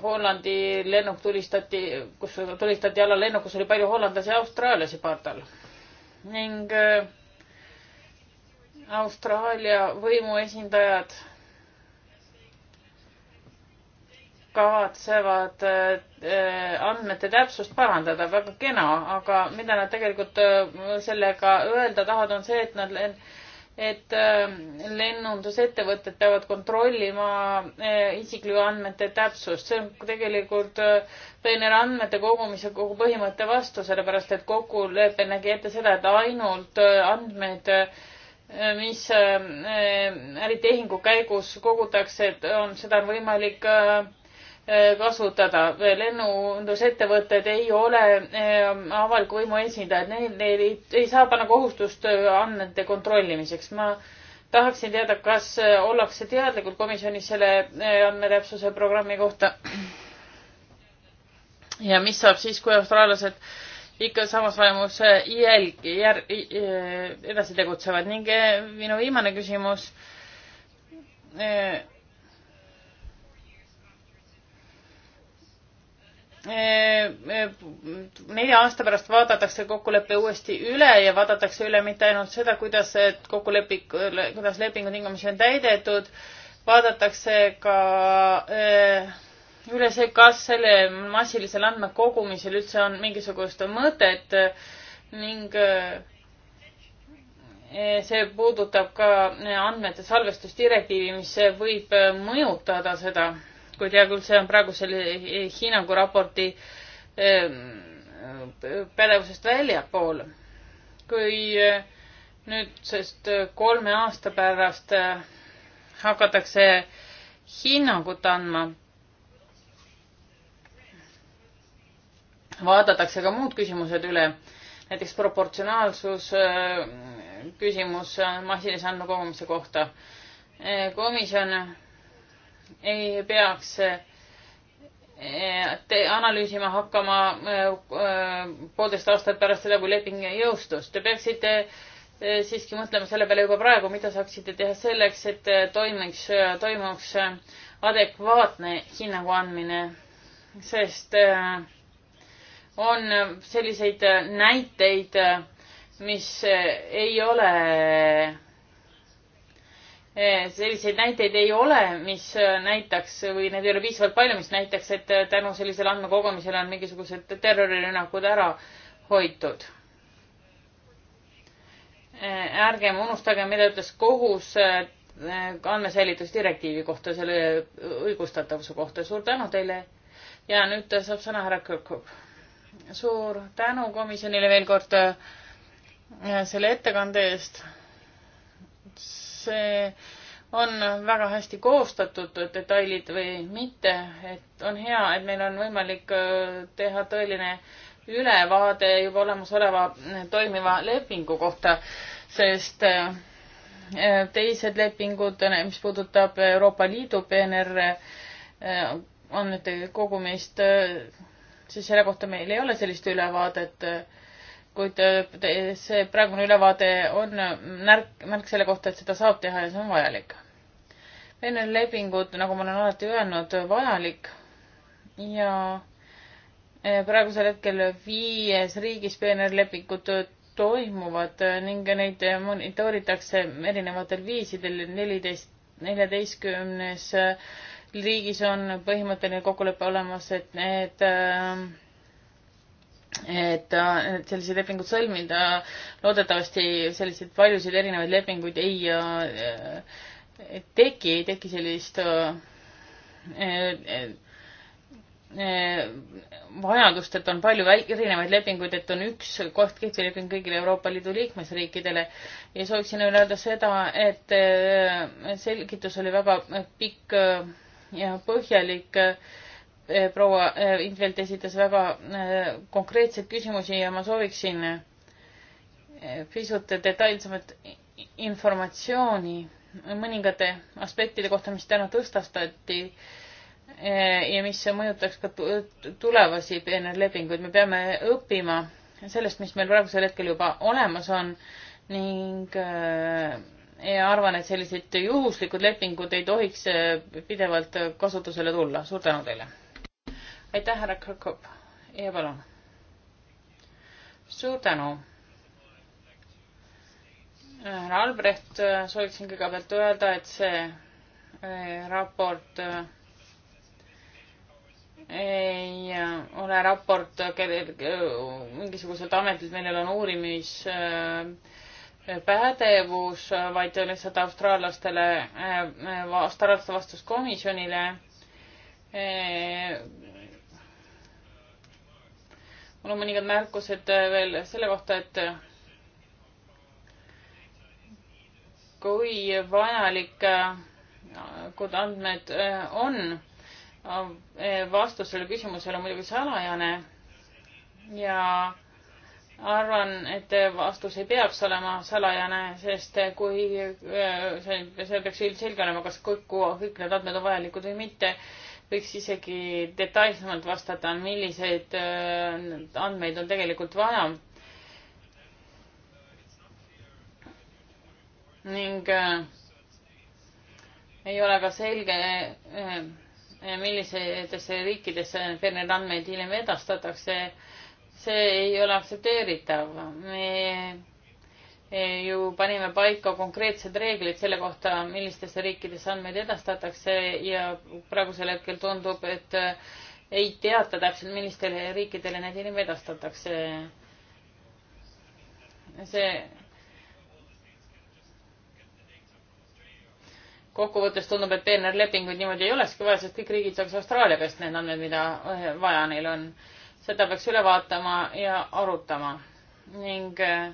Hollandi lennuk tulistati, kus tulistati alla lennuk, kus oli palju hollandlasi ja austraallasi pardal. ning äh, Austraalia võimuesindajad kavatsevad äh, andmete täpsust parandada, väga kena, aga mida nad tegelikult äh, sellega öelda tahavad, on see, et nad et ähm, lennundusettevõtted peavad kontrollima äh, isikliku andmete täpsust. see on tegelikult peenere äh, andmete kogumise kogu põhimõtte vastu, sellepärast et kokkulepe nägi ette seda, et ainult äh, andmed, mis äritehingu käigus kogutakse, et on, seda on võimalik kasutada. lennundusettevõtted ei ole ähm, avaliku võimu esindajad, neil ei, ei saa panna kohustust äh, andmete kontrollimiseks. ma tahaksin teada, kas äh, ollakse teadlikud komisjonis selle äh, andmetäpsuse programmi kohta? ja mis saab siis, kui austraallased ikka samas vaimus jälg, jär-, edasi tegutsevad ning minu viimane küsimus nelja aasta pärast vaadatakse kokkulepe uuesti üle ja vaadatakse üle mitte ainult seda, kuidas kokkulepik, kuidas lepingu tingimusi on täidetud, vaadatakse ka eh, üle see, kas selle massilisel andmekogumisel üldse on mingisugust mõtet ning eh, see puudutab ka andmete salvestusdirektiivi, mis võib mõjutada seda kuid hea küll, see on praegu selle hinnangu raporti ehm, pädevusest väljapool. kui eh, nüüd, sest eh, kolme aasta pärast eh, hakatakse hinnangut andma, vaadatakse ka muud küsimused üle, näiteks proportsionaalsus küsimus masinise andmekogumise kohta. komisjon ei peaks eh, te analüüsima hakkama eh, poolteist aastat pärast seda, kui leping jõustus. Te peaksite eh, siiski mõtlema selle peale juba praegu, mida saaksite teha selleks, et toimiks, toimuks adekvaatne hinnangu andmine, sest on selliseid näiteid, mis ei ole Eh, selliseid näiteid ei ole, mis äh, näitaks või need ei ole piisavalt palju, mis näitaks, et äh, tänu sellisele andmekogumisele on mingisugused terrorirünnakud ära hoitud. Eh, ärgem unustagem, mida ütles kohus äh, andmesäilitusdirektiivi kohta, selle õigustatavuse kohta. suur tänu teile ja nüüd saab sõna härra Kõrkup. suur tänu komisjonile veel kord selle ettekande eest see on väga hästi koostatud, detailid või mitte, et on hea, et meil on võimalik äh, teha tõeline ülevaade juba olemasoleva äh, toimiva lepingu kohta, sest äh, teised lepingud, mis puudutab Euroopa Liidu PNR andmete kogumist, siis selle kohta meil ei ole sellist ülevaadet kuid äh, see praegune ülevaade on märk, märk selle kohta, et seda saab teha ja see on vajalik. Vene lepingud, nagu ma olen alati öelnud, vajalik ja äh, praegusel hetkel viies riigis PNR lepingud toimuvad ning neid monitooritakse erinevatel viisidel, neliteist, neljateistkümnes riigis on põhimõtteline kokkulepe olemas, et need äh, et, äh, et sellised lepingud sõlmida, loodetavasti selliseid paljusid erinevaid lepinguid ei äh, äh, teki, ei teki sellist vajadust, et on palju erinevaid lepinguid, et on üks koht kehtiv leping kõigile Euroopa Liidu liikmesriikidele ja sooviksin veel öelda seda, et selgitus oli väga pikk ja põhjalik Eh, proua eh, Intvelt esitas väga eh, konkreetseid küsimusi ja ma sooviksin pisut detailsemat informatsiooni mõningate aspektide kohta, mis täna tõstatati ja mis mõjutaks ka tulevasi peenerlepinguid. me peame õppima sellest, mis meil praegusel hetkel juba olemas on ning ja arvan, et sellised juhuslikud lepingud ei tohiks pidevalt kasutusele tulla. suur tänu teile! aitäh, härra Krõkop ja palun. suur tänu. härra Albrecht, äh, sooviksin kõigepealt öelda, et see äh, raport äh, ei ole raport mingisuguselt ametilt, millel on uurimispädevus, vaid lihtsalt austraallastele, austraallaste vastuskomisjonile mul on mõningad märkused äh, veel selle kohta, et äh, kui vajalik, äh, kui andmed on, vastus sellele küsimusele on muidugi salajane ja arvan, et vastus ei peaks olema salajane, sest kui see, see peaks ilmselge olema, kas kõik, kõik need andmed on vajalikud või mitte võiks isegi detailsemalt vastata, milliseid äh, andmeid on tegelikult vaja. ning äh, ei ole ka selge, äh, millisetesse riikidesse need andmeid hiljem edastatakse. see ei ole aktsepteeritav. me ju panime paika konkreetsed reeglid selle kohta, millistesse riikidesse andmeid edastatakse ja praegusel hetkel tundub, et äh, ei teata täpselt, millistele riikidele need inimesed edastatakse. see kokkuvõttes tundub, et peenerlepinguid niimoodi ei olekski vaja, sest kõik riigid saaks Austraalia käest need andmed, mida äh, vaja neil on. seda peaks üle vaatama ja arutama ning äh,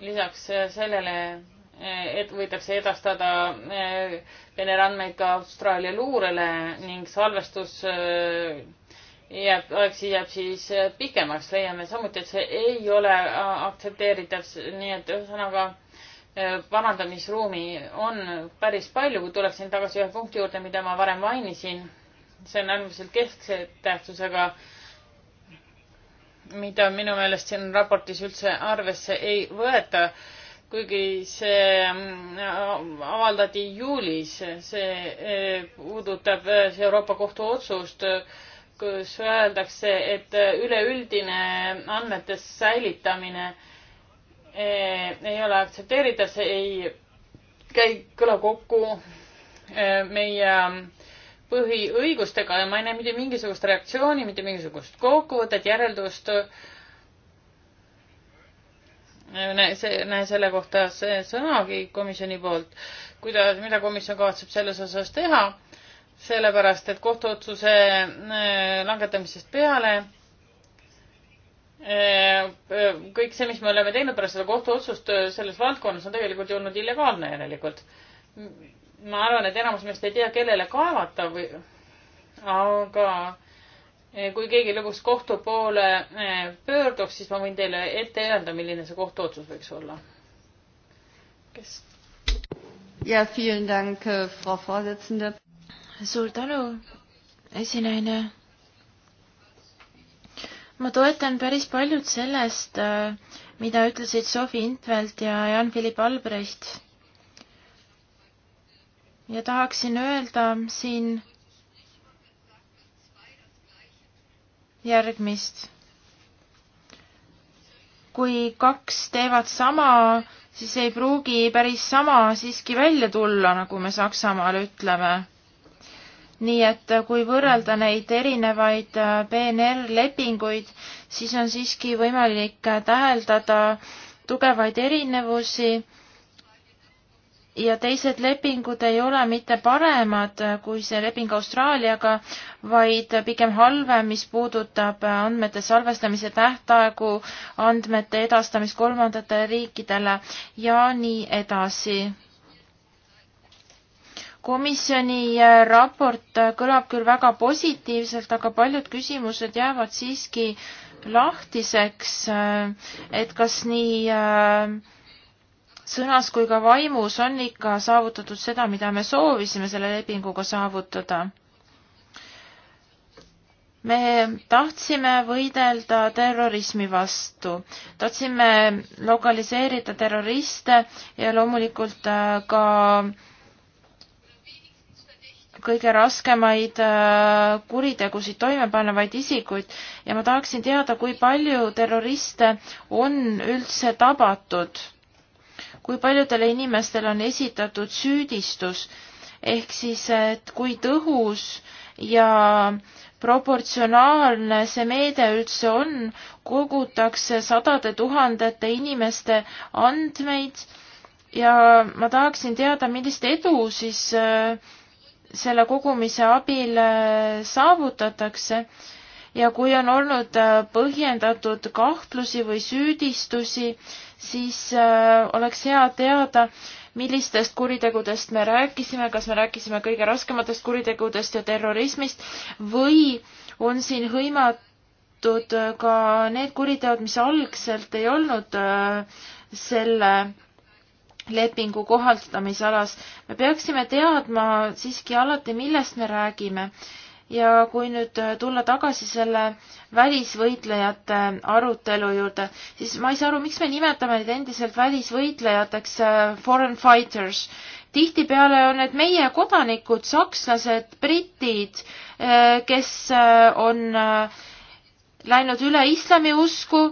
lisaks äh, sellele äh, et võidakse edastada äh, Vene randmeid ka Austraalia luurele ning salvestus jääb, aeg siis jääb siis pikemaks, leiame samuti, et see ei ole aktsepteeritav, nii et ühesõnaga parandamisruumi on päris palju, kui tuleksin tagasi ühe punkti juurde, mida ma varem mainisin, see on äärmiselt keskse tähtsusega äh, mida minu meelest siin raportis üldse arvesse ei võeta, kuigi see mm, avaldati juulis, see eh, puudutab eh, Euroopa Kohtu otsust, kus öeldakse, et üleüldine andmete säilitamine eh, ei ole aktsepteeritav, see ei käi, kõla kokku meie äh, põhiõigustega ja ma ei näe mitte mingisugust reaktsiooni, mitte mingisugust kokkuvõtet, järeldust. see, näe selle kohta see sõnagi komisjoni poolt, kuidas, mida komisjon kavatseb selles osas teha, sellepärast et kohtuotsuse äh, langetamisest peale äh, äh, kõik see, mis me oleme teinud pärast seda kohtuotsust selles valdkonnas on tegelikult ju olnud illegaalne järelikult ma arvan, et enamus meist ei tea, kellele kaevata või, aga eh, kui keegi lõpuks kohtu poole eh, pöörduks, siis ma võin teile ette öelda, milline see kohtuotsus võiks olla. kes? ja, äh, suur tänu, esinaine. ma toetan päris paljud sellest, äh, mida ütlesid Sofi Intvelt ja Jan-Philipp Albrecht ja tahaksin öelda siin järgmist. kui kaks teevad sama, siis ei pruugi päris sama siiski välja tulla, nagu me Saksamaal ütleme. nii et kui võrrelda neid erinevaid PNR-lepinguid, äh, siis on siiski võimalik täheldada tugevaid erinevusi ja teised lepingud ei ole mitte paremad äh, kui see leping Austraaliaga, vaid pigem halvem, mis puudutab äh, andmete salvestamise tähtaegu, andmete edastamist kolmandatele riikidele ja nii edasi. komisjoni äh, raport kõlab küll väga positiivselt, aga paljud küsimused jäävad siiski lahtiseks, et kas nii äh, sõnas kui ka vaimus on ikka saavutatud seda, mida me soovisime selle lepinguga saavutada. me tahtsime võidelda terrorismi vastu, tahtsime lokaliseerida terroriste ja loomulikult äh, ka kõige raskemaid äh, kuritegusid toime panevaid isikuid ja ma tahaksin teada, kui palju terroriste on üldse tabatud kui paljudele inimestele on esitatud süüdistus ehk siis, et kui tõhus ja proportsionaalne see meede üldse on, kogutakse sadade tuhandete inimeste andmeid ja ma tahaksin teada, millist edu siis äh, selle kogumise abil äh, saavutatakse ja kui on olnud äh, põhjendatud kahtlusi või süüdistusi, siis äh, oleks hea teada, millistest kuritegudest me rääkisime, kas me rääkisime kõige raskematest kuritegudest ja terrorismist või on siin hõimatud äh, ka need kuriteod, mis algselt ei olnud äh, selle lepingu kohaldamisalas. me peaksime teadma siiski alati, millest me räägime ja kui nüüd äh, tulla tagasi selle välisvõitlejate arutelu juurde, siis ma ei saa aru, miks me nimetame neid endiselt välisvõitlejateks äh, foreign fighters. tihtipeale on need meie kodanikud, sakslased, britid, äh, kes on läinud üle islamiusku,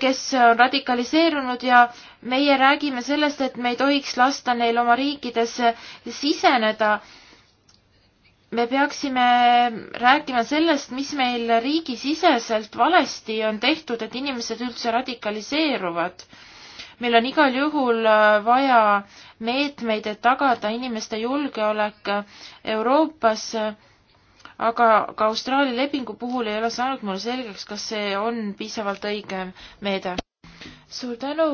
kes on radikaliseerunud ja meie räägime sellest, et me ei tohiks lasta neil oma riikidesse siseneda me peaksime rääkima sellest, mis meil riigisiseselt valesti on tehtud, et inimesed üldse radikaliseeruvad. meil on igal juhul äh, vaja meetmeid, et tagada inimeste julgeolek äh, Euroopas, äh, aga ka Austraalia lepingu puhul ei ole saanud mulle selgeks, kas see on piisavalt õige meede. suur tänu,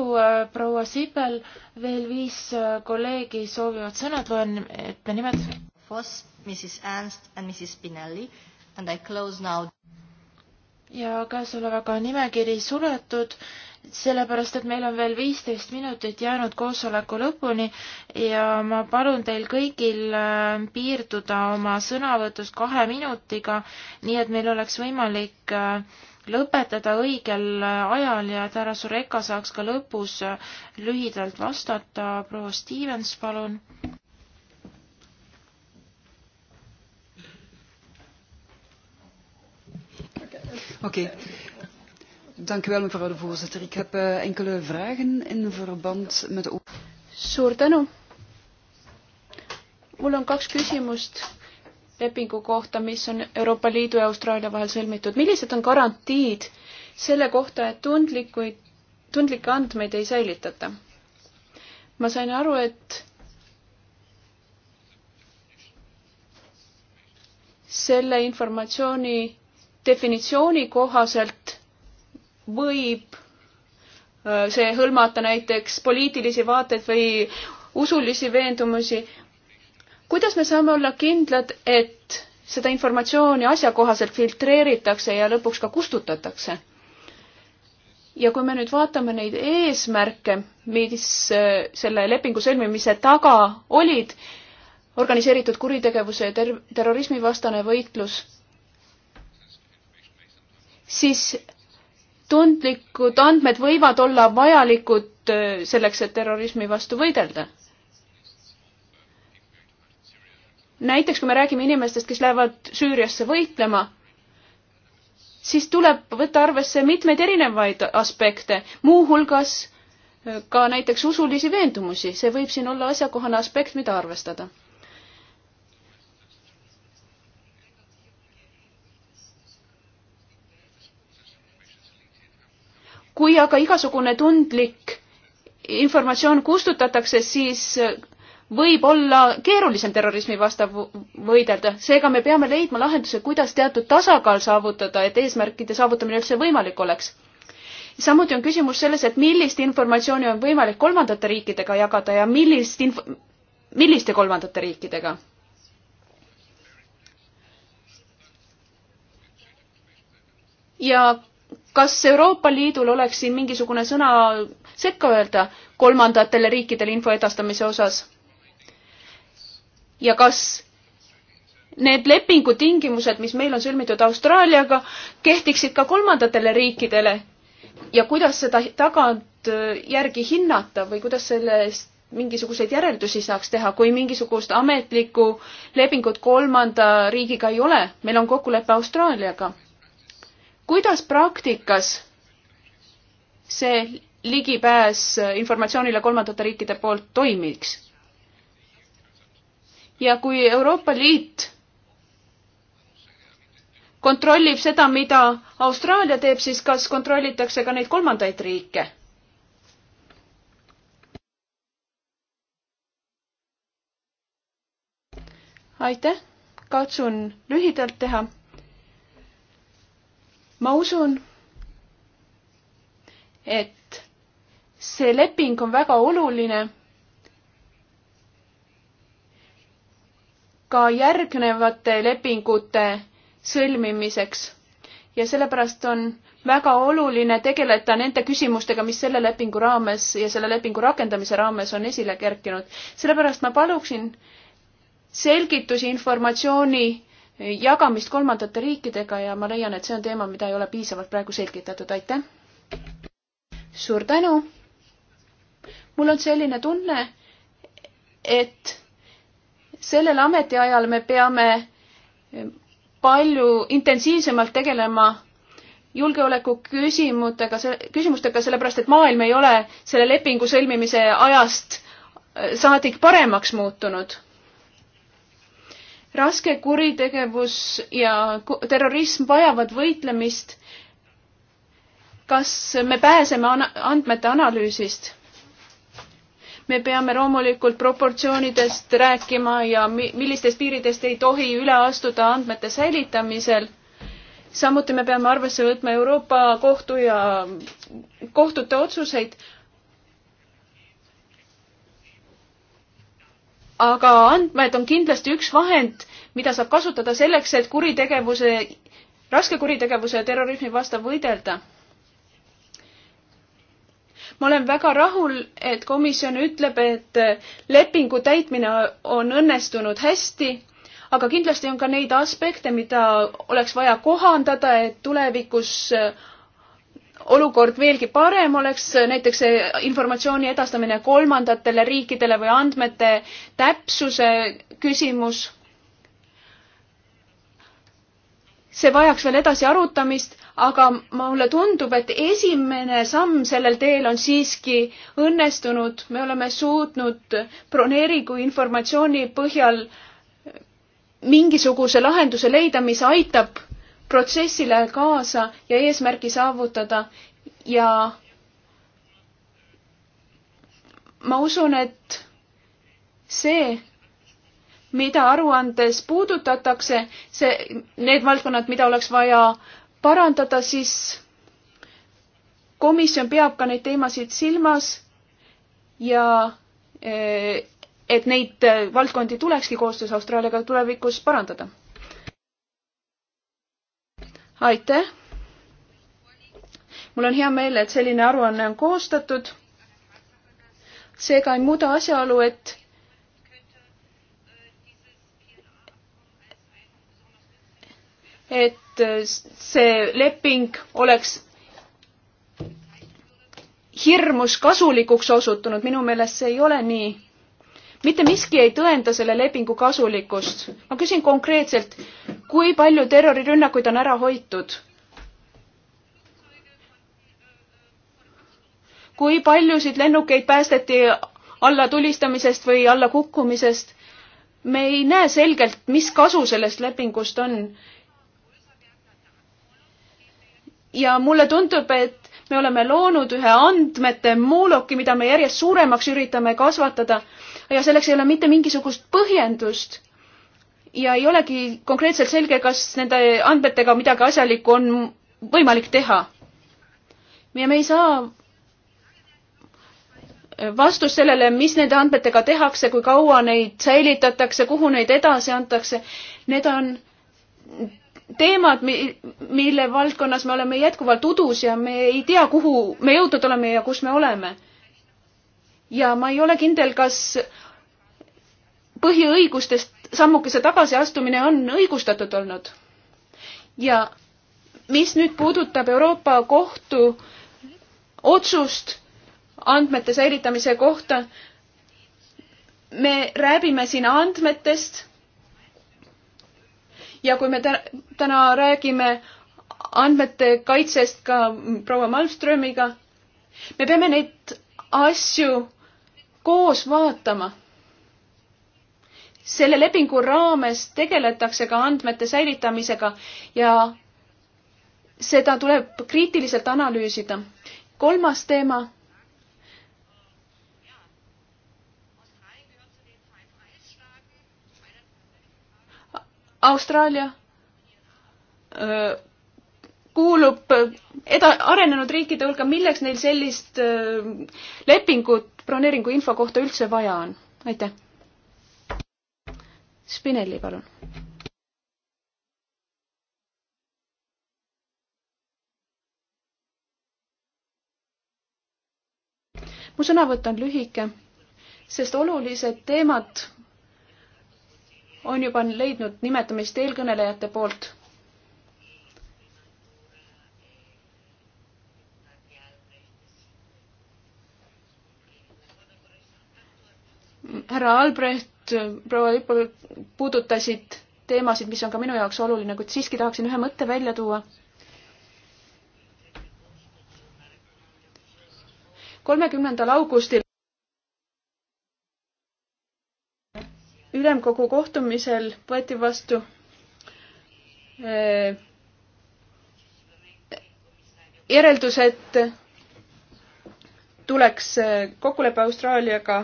proua Sibel, veel viis kolleegi soovivad sõna, loen, et me nimetame Voss, Mrs Ernst and Mrs Spinelli and I close now. ja käesolevaga on nimekiri suletud, sellepärast et meil on veel viisteist minutit jäänud koosoleku lõpuni ja ma palun teil kõigil äh, piirduda oma sõnavõtus kahe minutiga, nii et meil oleks võimalik äh, lõpetada õigel äh, ajal ja et härra Sureka saaks ka lõpus lühidalt vastata. proua Stevens, palun. Okay. Dank u wel, mevrouw de voorzitter. Ik heb uh, enkele vragen in verband met... Suur tänu. Mul on kaks küsimust lepingu kohta, mis on Euroopa Liidu ja Austraalia vahel sõlmitud. millised on garantiid selle kohta, et tundlikuid, tundlikke andmeid ei säilitata? ma sain aru, et selle informatsiooni definitsiooni kohaselt võib äh, see hõlmata näiteks poliitilisi vaateid või usulisi veendumusi. kuidas me saame olla kindlad, et seda informatsiooni asjakohaselt filtreeritakse ja lõpuks ka kustutatakse? ja kui me nüüd vaatame neid eesmärke, mis äh, selle lepingu sõlmimise taga olid, organiseeritud kuritegevuse ja ter-, terrorismivastane võitlus siis tundlikud andmed võivad olla vajalikud äh, selleks, et terrorismi vastu võidelda. näiteks kui me räägime inimestest, kes lähevad Süüriasse võitlema, siis tuleb võtta arvesse mitmeid erinevaid aspekte, muuhulgas äh, ka näiteks usulisi veendumusi, see võib siin olla asjakohane aspekt, mida arvestada kui aga igasugune tundlik informatsioon kustutatakse, siis võib olla keerulisem terrorismi vastu võidelda, seega me peame leidma lahenduse, kuidas teatud tasakaal saavutada, et eesmärkide saavutamine üldse võimalik oleks. samuti on küsimus selles, et millist informatsiooni on võimalik kolmandate riikidega jagada ja millist inf-, milliste kolmandate riikidega ja kas Euroopa Liidul oleks siin mingisugune sõna sekka öelda kolmandatele riikidele info edastamise osas? ja kas need lepingutingimused, mis meil on sõlmitud Austraaliaga, kehtiksid ka kolmandatele riikidele ja kuidas seda tagantjärgi äh, hinnata või kuidas sellest mingisuguseid järeldusi saaks teha, kui mingisugust ametlikku lepingut kolmanda riigiga ei ole, meil on kokkulepe Austraaliaga kuidas praktikas see ligipääs informatsioonile kolmandate riikide poolt toimiks? ja kui Euroopa Liit kontrollib seda, mida Austraalia teeb, siis kas kontrollitakse ka neid kolmandaid riike? aitäh, katsun lühidalt teha ma usun, et see leping on väga oluline ka järgnevate lepingute sõlmimiseks ja sellepärast on väga oluline tegeleda nende küsimustega, mis selle lepingu raames ja selle lepingu rakendamise raames on esile kerkinud. sellepärast ma paluksin selgitusi informatsiooni jagamist kolmandate riikidega ja ma leian, et see on teema, mida ei ole piisavalt praegu selgitatud, aitäh! suur tänu! mul on selline tunne, et sellel ametiajal me peame palju intensiivsemalt tegelema julgeoleku küsimustega, küsimustega, sellepärast et maailm ei ole selle lepingu sõlmimise ajast äh, saadik paremaks muutunud raske kuritegevus ja terrorism vajavad võitlemist. kas me pääseme andmete analüüsist? me peame loomulikult proportsioonidest rääkima ja millistest piiridest ei tohi üle astuda andmete säilitamisel. samuti me peame arvesse võtma Euroopa Kohtu ja kohtute otsuseid, aga andmed on kindlasti üks vahend, mida saab kasutada selleks, et kuritegevuse, raske kuritegevuse ja terrorismi vastu võidelda. ma olen väga rahul, et komisjon ütleb, et lepingu täitmine on õnnestunud hästi, aga kindlasti on ka neid aspekte, mida oleks vaja kohandada, et tulevikus olukord veelgi parem oleks näiteks informatsiooni edastamine kolmandatele riikidele või andmete täpsuse küsimus. see vajaks veel edasi arutamist, aga mulle tundub, et esimene samm sellel teel on siiski õnnestunud, me oleme suutnud broneeringu informatsiooni põhjal mingisuguse lahenduse leida, mis aitab protsessile kaasa ja eesmärgi saavutada ja ma usun, et see, mida aruandes puudutatakse, see, need valdkonnad, mida oleks vaja parandada, siis komisjon peab ka neid teemasid silmas ja eh, et neid eh, valdkondi tulekski koostöös Austraaliaga tulevikus parandada aitäh. mul on hea meel, et selline aruanne on koostatud. seega ei muuda asjaolu, et et see leping oleks hirmus kasulikuks osutunud, minu meelest see ei ole nii mitte miski ei tõenda selle lepingu kasulikkust. ma küsin konkreetselt, kui palju terrorirünnakuid on ära hoitud? kui paljusid lennukeid päästeti alla tulistamisest või alla kukkumisest? me ei näe selgelt, mis kasu sellest lepingust on. ja mulle tundub, et me oleme loonud ühe andmete mooloki, mida me järjest suuremaks üritame kasvatada ja selleks ei ole mitte mingisugust põhjendust. ja ei olegi konkreetselt selge, kas nende andmetega midagi asjalikku on võimalik teha. ja me ei saa vastust sellele, mis nende andmetega tehakse, kui kaua neid säilitatakse, kuhu neid edasi antakse. Need on teemad, mille valdkonnas me oleme jätkuvalt udus ja me ei tea, kuhu me jõudnud oleme ja kus me oleme. ja ma ei ole kindel, kas põhiõigustest sammukese tagasiastumine on õigustatud olnud. ja mis nüüd puudutab Euroopa Kohtu otsust andmete säilitamise kohta, me räägime siin andmetest ja kui me täna räägime andmete kaitsest ka proua Malmströmiga, me peame neid asju koos vaatama selle lepingu raames tegeletakse ka andmete säilitamisega ja seda tuleb kriitiliselt analüüsida. kolmas teema. Austraalia öö, kuulub eda-, arenenud riikide hulka, milleks neil sellist öö, lepingut broneeringu info kohta üldse vaja on? aitäh Spinelli, palun. mu sõnavõtt on lühike, sest olulised teemad on juba leidnud nimetamist eelkõnelejate poolt. härra Albrecht Äh, proua Lipul puudutasid teemasid, mis on ka minu jaoks oluline, kuid siiski tahaksin ühe mõtte välja tuua. kolmekümnendal augustil ülemkogu kohtumisel võeti vastu äh, järeldused tuleks äh, kokkulepe Austraaliaga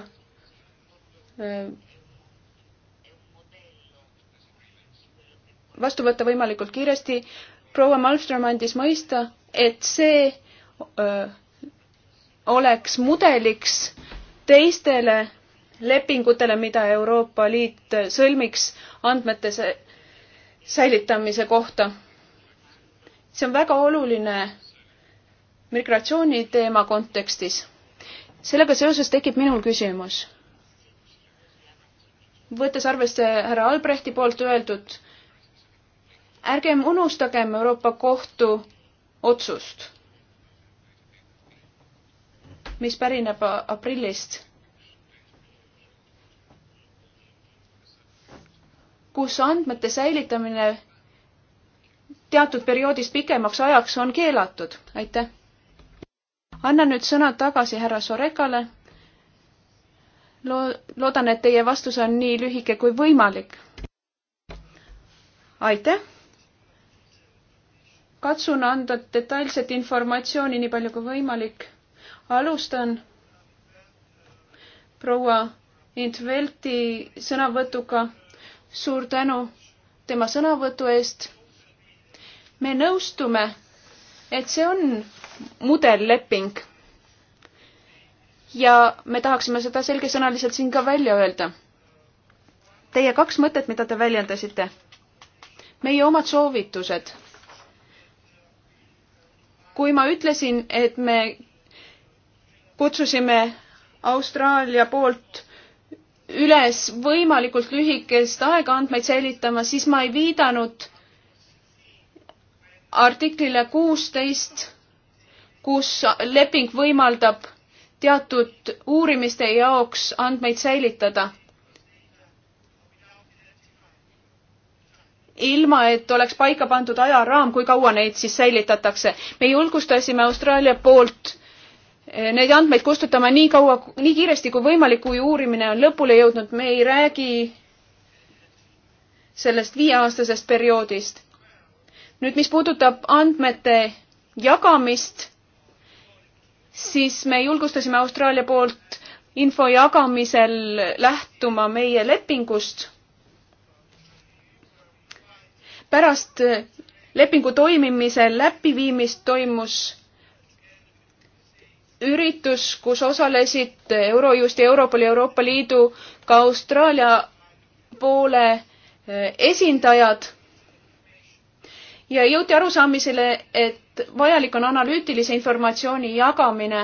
vastu võtta võimalikult kiiresti. proua Malmström andis mõista, et see öö, oleks mudeliks teistele lepingutele, mida Euroopa Liit sõlmiks andmete säilitamise kohta. see on väga oluline migratsiooniteema kontekstis. sellega seoses tekib minul küsimus. võttes arvesse härra Albrechti poolt öeldud, ärgem unustagem Euroopa Kohtu otsust, mis pärineb aprillist, kus andmete säilitamine teatud perioodist pikemaks ajaks on keelatud. aitäh! annan nüüd sõnad tagasi härra Sorekale. Loo-, loodan, et teie vastus on nii lühike kui võimalik. aitäh! katsun anda detailset informatsiooni nii palju kui võimalik. alustan proua Intvelti sõnavõtuga. suur tänu tema sõnavõtu eest. me nõustume, et see on mudelleping. ja me tahaksime seda selgesõnaliselt siin ka välja öelda. Teie kaks mõtet, mida te väljendasite, meie omad soovitused kui ma ütlesin, et me kutsusime Austraalia poolt üles võimalikult lühikest aega andmeid säilitama, siis ma ei viidanud artiklile kuusteist, kus leping võimaldab teatud uurimiste jaoks andmeid säilitada. ilma, et oleks paika pandud ajaraam, kui kaua neid siis säilitatakse. me julgustasime Austraalia poolt eh, neid andmeid kustutama nii kaua, nii kiiresti kui võimalik, kui uurimine on lõpule jõudnud. me ei räägi sellest viieaastasest perioodist. nüüd, mis puudutab andmete jagamist, siis me julgustasime Austraalia poolt info jagamisel lähtuma meie lepingust pärast äh, lepingu toimimise läbiviimist toimus üritus, kus osalesid Eurojusti, Europoli, Euroopa Liidu, ka Austraalia poole äh, esindajad ja jõuti arusaamisele, et vajalik on analüütilise informatsiooni jagamine.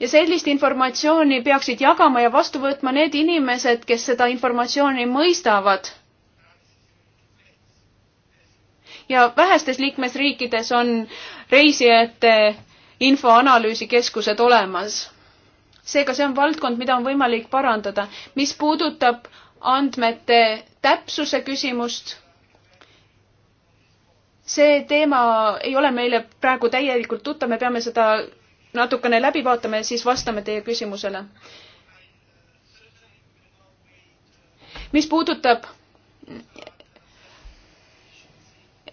ja sellist informatsiooni peaksid jagama ja vastu võtma need inimesed, kes seda informatsiooni mõistavad ja vähestes liikmesriikides on reisijate infoanalüüsikeskused olemas. seega see on valdkond, mida on võimalik parandada. mis puudutab andmete täpsuse küsimust, see teema ei ole meile praegu täielikult tuttav, me peame seda natukene läbi vaatama ja siis vastame teie küsimusele. mis puudutab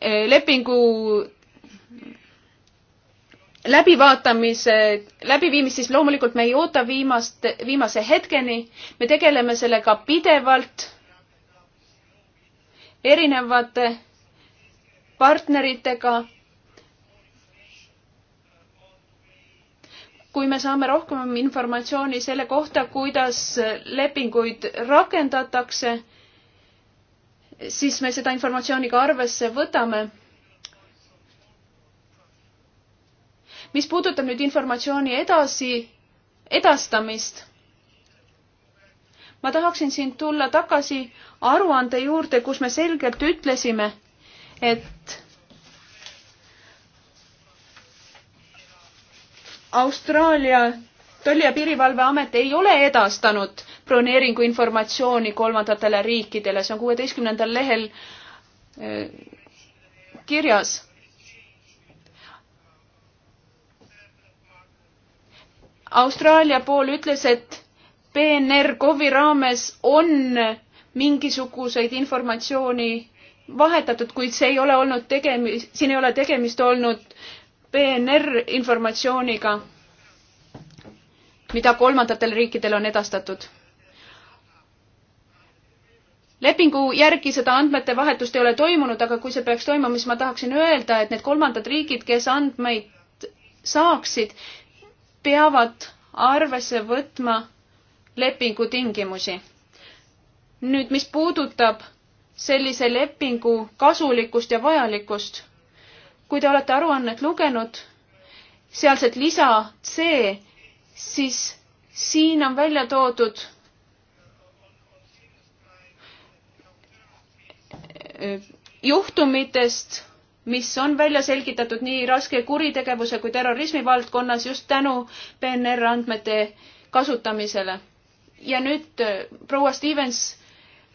Eh, lepingu läbivaatamise, läbiviimist, siis loomulikult me ei oota viimast, viimase hetkeni. me tegeleme sellega pidevalt erinevate partneritega. kui me saame rohkem informatsiooni selle kohta, kuidas lepinguid rakendatakse siis me seda informatsiooni ka arvesse võtame. mis puudutab nüüd informatsiooni edasi, edastamist, ma tahaksin siin tulla tagasi aruande juurde, kus me selgelt ütlesime, et Austraalia tolli- ja Piirivalveamet ei ole edastanud broneeringu informatsiooni kolmandatele riikidele, see on kuueteistkümnendal lehel eh, kirjas. Austraalia pool ütles, et PNR KOV-i raames on mingisuguseid informatsiooni vahetatud, kuid see ei ole olnud tegemist, siin ei ole tegemist olnud PNR informatsiooniga mida kolmandatele riikidele on edastatud. lepingu järgi seda andmete vahetust ei ole toimunud, aga kui see peaks toimuma, siis ma tahaksin öelda, et need kolmandad riigid, kes andmeid saaksid, peavad arvesse võtma lepingu tingimusi. nüüd, mis puudutab sellise lepingu kasulikkust ja vajalikkust, kui te olete aruannet lugenud, sealset lisa C siis siin on välja toodud äh, juhtumitest, mis on välja selgitatud nii raske kuritegevuse kui terrorismi valdkonnas just tänu PNR andmete kasutamisele. ja nüüd äh, proua Stevens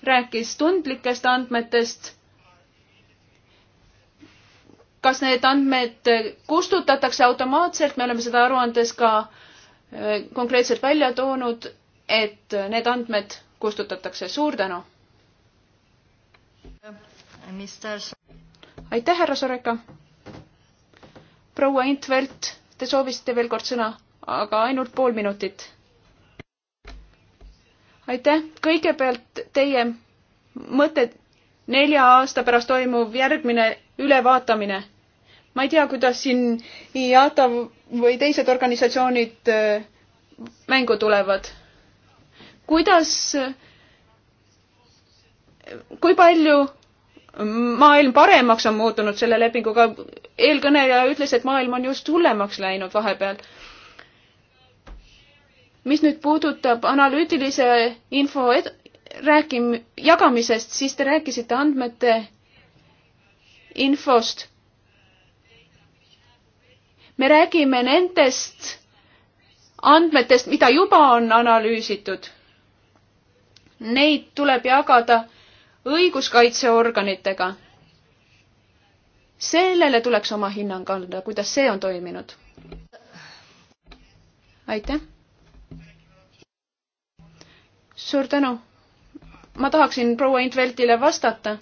rääkis tundlikest andmetest. kas need andmed kustutatakse automaatselt, me oleme seda aruandes ka äh, Äh, konkreetselt välja toonud, et need andmed kustutatakse. suur tänu! aitäh, härra Soreka! proua Intvelt, te soovisite veel kord sõna, aga ainult pool minutit. aitäh, kõigepealt teie mõtted nelja aasta pärast toimuv järgmine ülevaatamine ma ei tea, kuidas siin IATA või teised organisatsioonid äh, mängu tulevad. kuidas, äh, kui palju maailm paremaks on muutunud selle lepinguga. eelkõneleja ütles, et maailm on just hullemaks läinud vahepeal. mis nüüd puudutab analüütilise info ed-, rääkim-, jagamisest, siis te rääkisite andmete infost me räägime nendest andmetest, mida juba on analüüsitud. Neid tuleb jagada õiguskaitseorganitega. sellele tuleks oma hinnang anda, kuidas see on toiminud. aitäh. suur tänu. ma tahaksin proua Intveltile vastata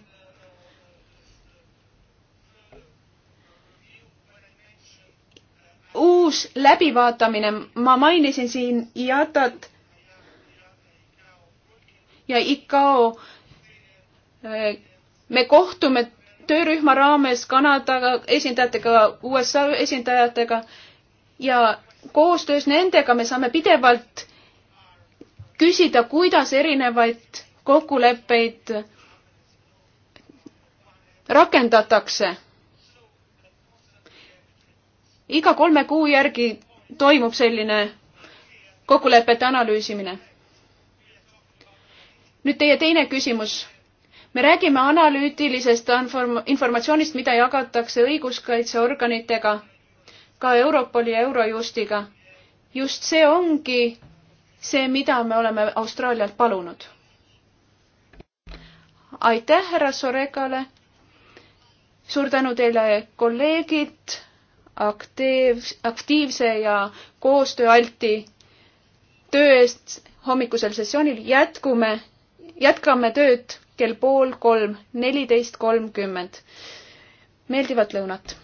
uus läbivaatamine, ma mainisin siin IATA-t ja ICAO. me kohtume töörühma raames Kanada esindajatega, USA esindajatega ja koostöös nendega me saame pidevalt küsida, kuidas erinevaid kokkuleppeid rakendatakse iga kolme kuu järgi toimub selline kokkulepete analüüsimine. nüüd teie teine küsimus. me räägime analüütilisest inform-, informatsioonist, mida jagatakse õiguskaitseorganitega, ka Europoli ja Eurojustiga. just see ongi see, mida me oleme Austraalialt palunud. aitäh härra Sorekale. suur tänu teile, kolleegid aktiiv, aktiivse ja koostööalti töö eest hommikusel sessioonil. jätkume, jätkame tööd kell pool kolm, neliteist kolmkümmend. meeldivat lõunat!